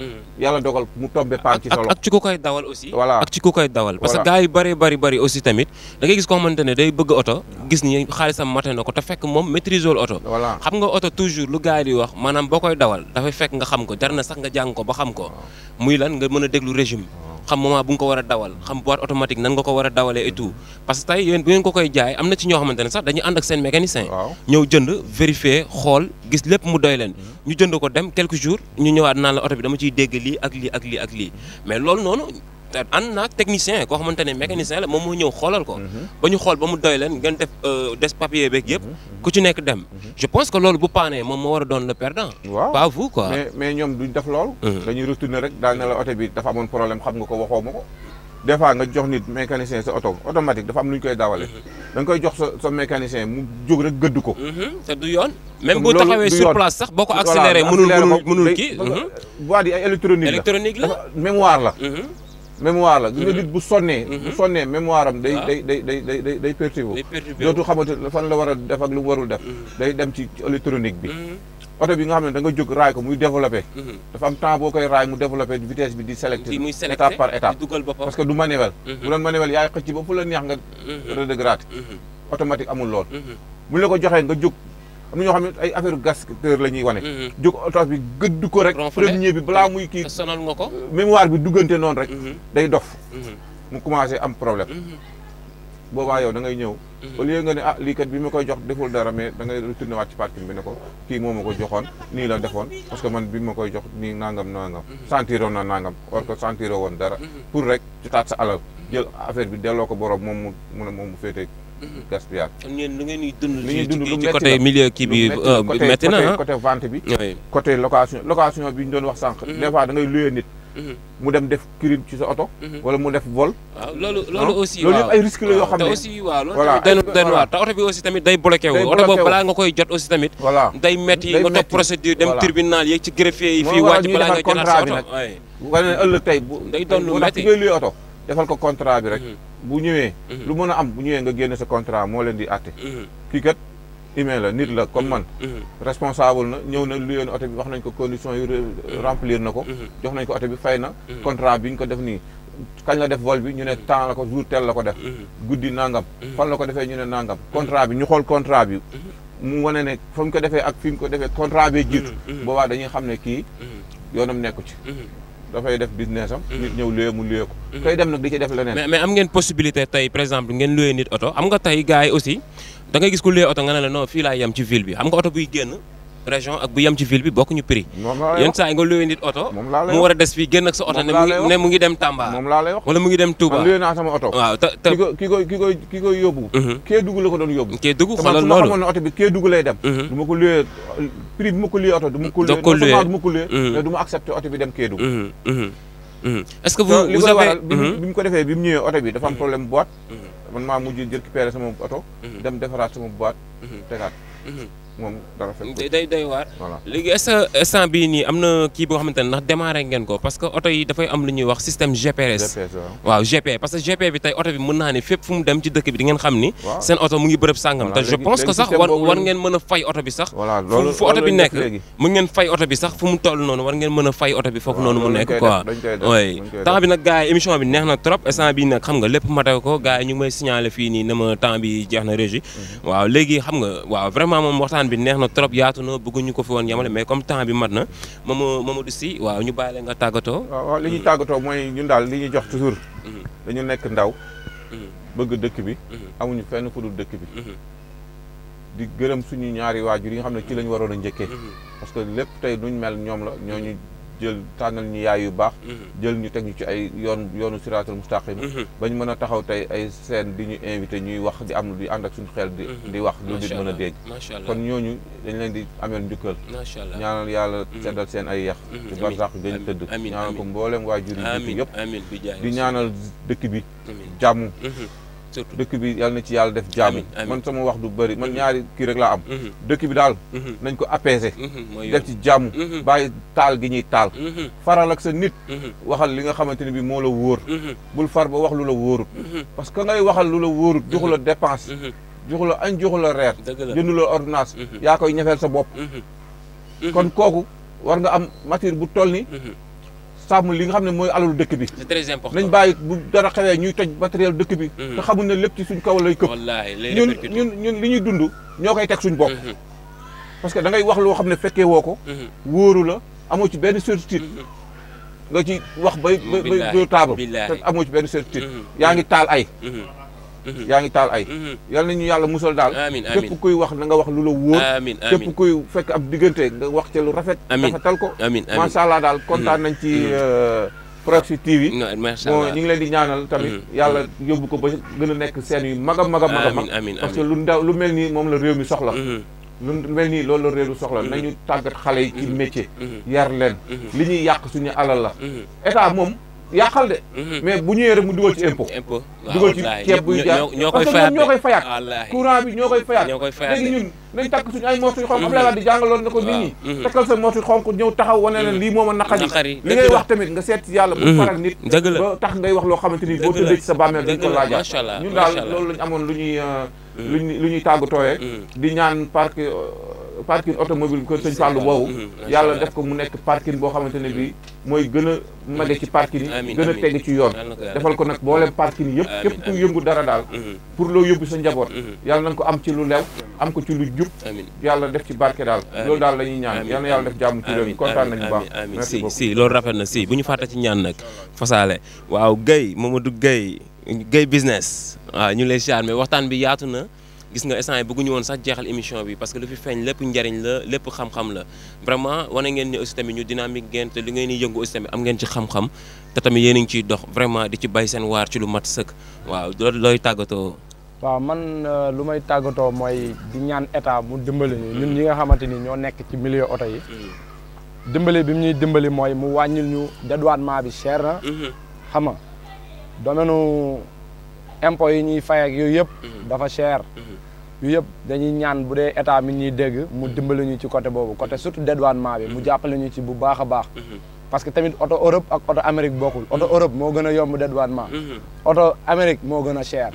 yalla dogal mu tomber paan ci solo ak ci ko koy dawal aussi voilà ak ci ko koy dawal parce que gaay bari bari bari aussi tamit da ngay gis ko xamante day bëgg auto gis ni xaalisam maté nako ko te fekk mom maîtrise wul oto xam nga auto toujours lu gaay di wax manam bokoy dawal da fay fekk nga xam ko jarna sax nga jang ko ba xam ko muy lan nga mëna a déglu régime xam moment bu ko war a dawal xam boîte automatique nan nga ko war a dawalee et tout parce que ngeen ko koy jaay am na ci ñoo xamante sax dañuy ànd ak seen mécanicien ñëw jënd vérifier xool gis lépp mu doy leen ñu jënd ko dem quelques jours ñu ñëwaat naan la oto bi dama ciy dégg lii ak lii ak lii mais loolu noonu ànd naag technicien ko xamante ne mhm. mécanicien la moom moo ñëw xoolal ko. Mhm. ba ñu xool ba mu doy leen ngeen def euh, des papier beeg yëpp mhm. ku ci nekk dem. je pense que loolu bu paanee moom moo war a doon le perdant. waaw pas vous quoi. mais ñoom duñ def lool. dañuy retourner rek daal na la oto bi dafa amoon problème xam nga ko waxoo ma ko. des fois nga jox nit mécanicien sa oto automatique dafa am lu ñu koy dawale da koy jox sa sa mécanicien mu jóg rek gëdd ko. te du yoon. même bu taxawee sur place sax boo ko accéléré mënul mënul mënul kii. boîte yi ay électronique la électronique la la. mémoire la mhm. bu sonnee bu mhm. sonnee mémoire am day day day day day day day perturbé dootu xamante fan la war a def ak lu warul def mhm. day dem ci électronique bi oto bi nga xam ne da nga jóg raay ko muy développé dafa am temps boo koy raay mu développé vitesse bi di sélecté étape par étape parce que du manuel bu doon manuel yaay xëcc ba fu la neex nga redégrade automatique amul lool bu la ko joxee nga jóg am na ñoo xam ne ay affaire gasteur la ñuy wane. Mm-hmm. jóg oto bi gëdd ko rek. premier bi balaa muy kii sonal nga ko. mémoire bi duggante noonu rek. Mm-hmm. day dof. Mm-hmm. mu commencé am problème. boobaa yow da ngay ñëw. au lieu nga ne ah lii kat ma koy jox deful dara mais da ngay retourné waat ci parking bi ne ko kii moo ma ko joxoon nii la defoon parce que man bii ma koy jox nii nangam nangam. sentiroo na nangam war ko sentiroo woon dara. pour rek ci taat sa alal jël affaire bi delloo ko borom moom mu mu moom mu féetee. Mhm. gaspillage. kon ñun lu ngeen di dund. lu ñuy dund lu métti la ci kii bi métti euh, na ah. côté vente bi. côté location location bi ñu doon wax sànq. Mhm. des fois da nit. Mhm. mu dem def crime ci sa oto. wala mu def bool loolu ah. loolu aussi waaw loolu ay risques la yoo xam ne. te aussi waaw loolu tamit doy na waar te oto bi aussi tamit day bloqué wu. oto boobu balaa nga koy jot aussi tamit. voilà metti nga topp procédure dem tribunal yeeg ci greffier yi. fii wàcc balaa nga jotaat sa oto moom war nañu defar contrat bi nag. wala ëllëg tey bu day doon lu metti oto defal ko contrat bi rek. Mhm. bu ñëwee. Mhm. lu mun a am bu ñëwee nga génne sa contrat moo leen di àtte. Mhm. kii kat humain la nit la comme man. responsable na ñëw na lu yoon oto bi wax nañ ko condition yu remplir na ko. jox nañ ko oto bi fay na. contrat bi ñu ko def nii. kañ la def vol bi ñu ne temps la ko jour tel la ko def. guddi nangam. fan la ko defee ñu ne nangam. contrat bi ñu xool contrat bi. mu wane ne fa ko defee ak fi mu ko defee contrat bi jiitu. boobaa dañuy xam ne kii. yoonam nekku ci. dafay def business am. Mm-hmm. nit ñëw luye mu luye ko. Mm-hmm. koy dem nak di ci def leneen. mais mais am ngeen possibilité tay par exemple ngeen loué nit auto am nga tay gaay aussi da ngay gis ku loué auto nga na la non fi la yam ci ville bi am nga auto buy génn. région ak bu yem ci ville bi bokkuñu prix. yenn saa yi nga nit oto. mu war a des fii génn ak sa oto ne mu ngi ne mu ngi dem Tamba. wala mu ngi dem Touba man luwee naa sama oto. waaw te te ki koy ki koy ki koy mhm. oto bi Kédougou lay dem. Mhm. du ma ko luwee ma ko luwee du ma ko luwee mhm. dem mu ko defee bi mu ñëwee oto bi dafa am problème boîte. man maa mujj récupéré sama oto. dem defaraat sama boîte tegaat moom dara fekk day day doy waar. voilà léegi instant instant bii nii am na kii boo xamante bi tey neex na trop instant bii nag xam nga lépp mate ko gars yi ñu may signaler fii nii na temps bi jeex na régie mhm. waaw léegi xam nga waaw vraiment moom waxtaan waxtaan bi neex na trop yaatu na bëgguñu ko fi woon yamale mais comme temps bi mat na Mamadou Mamadou Sy waaw ñu bàyyi la nga tàggatoo. waaw waaw li ñuy tàggatoo jox toujours. Mhm. dañu nekk ndaw. Mhm. bëgg dëkk bi. Mhm. amuñu fenn fu dul dëkk bi. di gërëm suñu ñaari waajur yi nga xam ne ci lañ waroon a njëkkee. parce que lépp tey duñ mel ñoom la ñooñu. jël tànnal ñu yaay yu baax mhm. jël ñu teg ñu ci ay yoon yoonu siraatul mustaqim mhm. bañ mën a taxaw tey ay seen di ñu invité ñuy wax di am di ànd ak suñu xel di mhm. di wax lu nit mën a dégg kon ñooñu dañ leen di ameel njukkal ñaanal yàlla seddal seen ay yax ci barsàq gën a tëdd ñaanal ko mbooleem waajur yi yëpp di ñaanal dëkk bi jàmm surtout dëkk bi yàlla na ci yàlla def jaam man sama wax du bëri man mm-hmm. ñaari kii rek laa am mm-hmm. dëkk bi daal mm-hmm. nañ ko apaiser def ci jàmm bàyyi taal gi ñuy taal faral ak sa nit waxal li nga xamante ne bi moo la wóor bul far ba wax lu la wóorut parce que ngay waxal lu la wóorut joxu la dépense joxu la añ joxu la reer jëndu la ordonnance yaa koy ñefeel sa bopp kon kooku war nga am matière bu toll ni sàmm li nga xam ne mooy alalu dëkk bi. c'est très important nañ bàyyi bu dara xewee ñuy toj matériel dëkk bi. Mm-hmm. te xamuñ ne lépp ci suñ kaw lay këpp. ñun ñun ñun li ñuy dund ñoo koy teg suñ bopp. Mm-hmm. parce que dangay wax loo xam ne fekkee woo ko. Mm-hmm. wóoru la amoo ci benn certitude. nga ci wax bay bay bay taabal te amoo ci benn certitude. yaa ngi taal ay. Mhm. yaa ngi taal ay mhm. na ñu yàlla musal daal amiin amiin képp kuy wax na nga wax lu la wóor amiin amiin kuy fekk ab diggante nga wax ca lu rafet rafetal ko amiin amiin allah daal kontaan nañ ci mhm. euh, Proxi TV bon ñu ngi leen di ñaanal tamit yàlla yóbbu ko ba gën a nekk seen yu mag a mag a mag lu ndaw lu mel nii moom la réew mi soxla lu mel nii loolu la réew mi soxla nañu tàggat xale yi ci métier yar leen li ñuy yàq suñu alal la état moom yàqal de. Mhm. mais bu ñëwee rek mu dugal ci impôt. dugal ci ceeb buy jaar ñoo koy ñoo koy fayaat courant bi ñoo koy fayaat. ñoo koy fayaat léegi ñun nañ takk suñu ay morsuy xonk mhm. Abdoulaye Wade jàngaloon na ko nit ñi. Mhm. takkal sa morsuy xonk ñëw taxaw wane na lii moom a naqari li ngay wax tamit nga seet ci yàlla. bu faral nit ba ngay wax loo xamante ni boo tëddee ci sa bàmmeel dañ ko laajaat ñun daal loolu lañ amoon lu ñuy euh, lu ñuy tàggatooyee di ñaan parce euh, que parking automobile bi ko sëñ Fallou boobu yàlla def ko mu nekk parking boo xamante ne bii mooy gën a mage ci parking yi gën teg ci yoon defal ko nag boolem parking yi yëpp képp ku yëngu dara daal mm-hmm. pour loolu yóbbu sa njaboot mm-hmm. yàlla na ko am ci lu lew am ko ci lu jub yàlla def ci barke daal loolu daal la ñuy ñaan yàlla na yàlla def jàmm ci réew mi kontaan baax merci beaucoup si loolu rafet na si bu ñu fàtte ci ñaan nag fasaale waaw Guèye Mamadou Guèye Guèye business waaw ñu lay siyaar waxtaan bi yaatu na gis nga instant yi ñu woon sax jéxal émission bi parce que lu fi feeñ lepp njariñ la lepp xam-xam la vraiment wone ngeen ni aussi tamit ñu dynamique ngeen te li ngeen ni yëngu aussi tamit am ngeen ci xam-xam te tamit yeen ngi ci dox vraiment di ci bay seen waar ci lu mat seuk waaw loolu looy tàggatoo. waaw man euh, lu may tagato moy di ñaan état mu dimbali ni ñun ñi nga xamanteni ño nekk ci milieu auto yi. Hmm. dimbali bi mu ñuy dimbali moy mu wàññil ñu dédouanement bi cher na. Hmm. xam nga domaine impôts yi ñuy fay ak yooyu yëpp. Mhm. dafa cher. Mhm. yooyu yëpp dañuy ñaan bu dee état mi ñuy dégg. mu mhm. dimbali ñu ci côté boobu côté surtout dédouanement bi. mu jàppale ñu ci bu baax a baax. parce que tamit oto Europe ak oto Amérique bokkul. oto Europe moo gën a yomb dédouanement. oto Amérique moo gën a cher.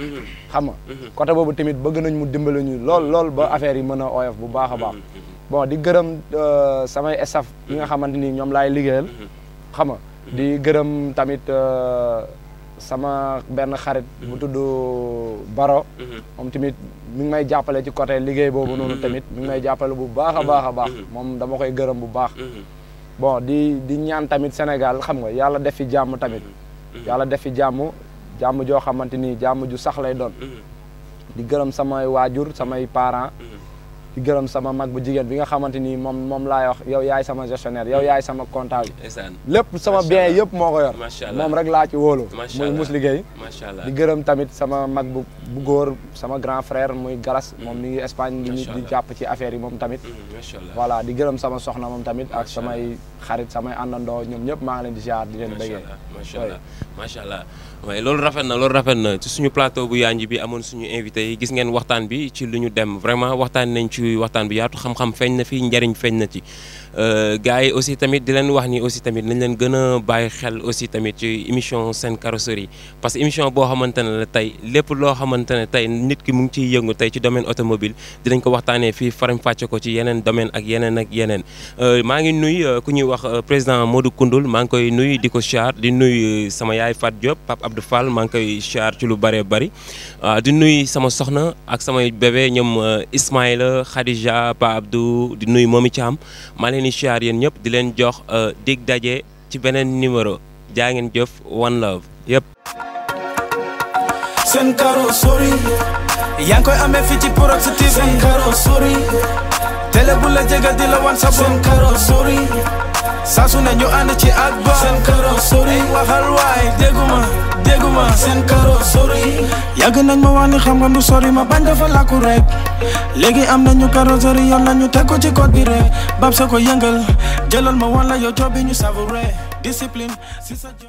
xam nga côté boobu tamit bëgg nañ mu dimbali ñu lool lool ba affaire yi mën a oyof bu baax a baax. bon di gërëm euh, samay staff yi nga xamante ni ñoom laay liggéeyal. xam nga di gërëm tamit. Euh, sama benn xarit bu mhm. tudd Baro mhm. moom tamit mi ngi may jàppale ci côté liggéey boobu noonu mhm. tamit mi ngi may jàppale bu baax a baax a baax moom dama koy gërëm bu baax bon di di ñaan tamit Sénégal xam nga yàlla def fi jàmm tamit yàlla def fi jàmm jàmm joo xamante ni jàmm ju sax lay doon di gërëm samay waajur samay parents di gërëm sama mag bu jigéen bi nga xamante ni moom moom laa wax yow yaay sama gestionnaire yow yaay sama comptable lépp sama bien yëpp moo ko yor moom rek laa ci wóolu muy mus liggéey di gërëm tamit sama mag bu bu góor sama grand frère muy galas mm-hmm. moom mi ngi Espagne ngi di jàpp ci affaire yi moom tamit mm-hmm. voilà di gërëm sama soxna moom tamit ak samay xarit samay àndandoo ñoom ñëpp maa ngi leen di ziar di leen bëggee macha allah waaye loolu rafet na loolu rafet na ci suñu plateau bu yaanj bi amoon suñu invité yi gis ngeen waxtaan bi ci lu ñu dem vraiment waxtaan nañ ci waxtaan bi yaatu xam-xam feeñ na fi njariñ feeñ na ci Euh, gars yi aussi tamit di leen wax ni aussi tamit nañ leen gën a bàyyi xel aussi tamit ci émission seen carrosserie parce que émission boo xamante ne la tey lépp loo xamante ne tey nit ki mu ngi ciy yëngu tey ci domaine automobile dinañ ko waxtaanee fii faram fàcce ko ci yeneen domaine ak yeneen ak yeneen euh, maa ngi nuy euh, ku ñuy wax président Modou Koundoul maa ngi koy nuy di ko char di nuy sama yaay Fat Diop Pape Abdou Fall maa ngi koy char ci lu baree bari di nuy sama soxna ak samay bébé ñoom Ismaïla Khadija Pape Abdou di nuy Momi Thiam maa leen i siyaar yéen ñëpp di leen jox euh, dig daje ci beneen numéro jaa ngeen jëf one love yëpp seen carrosserie yaa ngi koy amee fii ci Proxi seen carrosserie télé bu la jégal di la wan sa seen carrosserie saa su ne ñu ànd ci ak ba seen karo sori waxal waay dégguma dégguma seen karo sori yàgg nañ ma wax ni xam nga du sori ma bañ dafa làkku rek legi am nañu karo sori yoon nañu teg ko ci code bi rek bab sa ko yëngal jëlal ma wan la yow job bi ñu savouré discipline si sa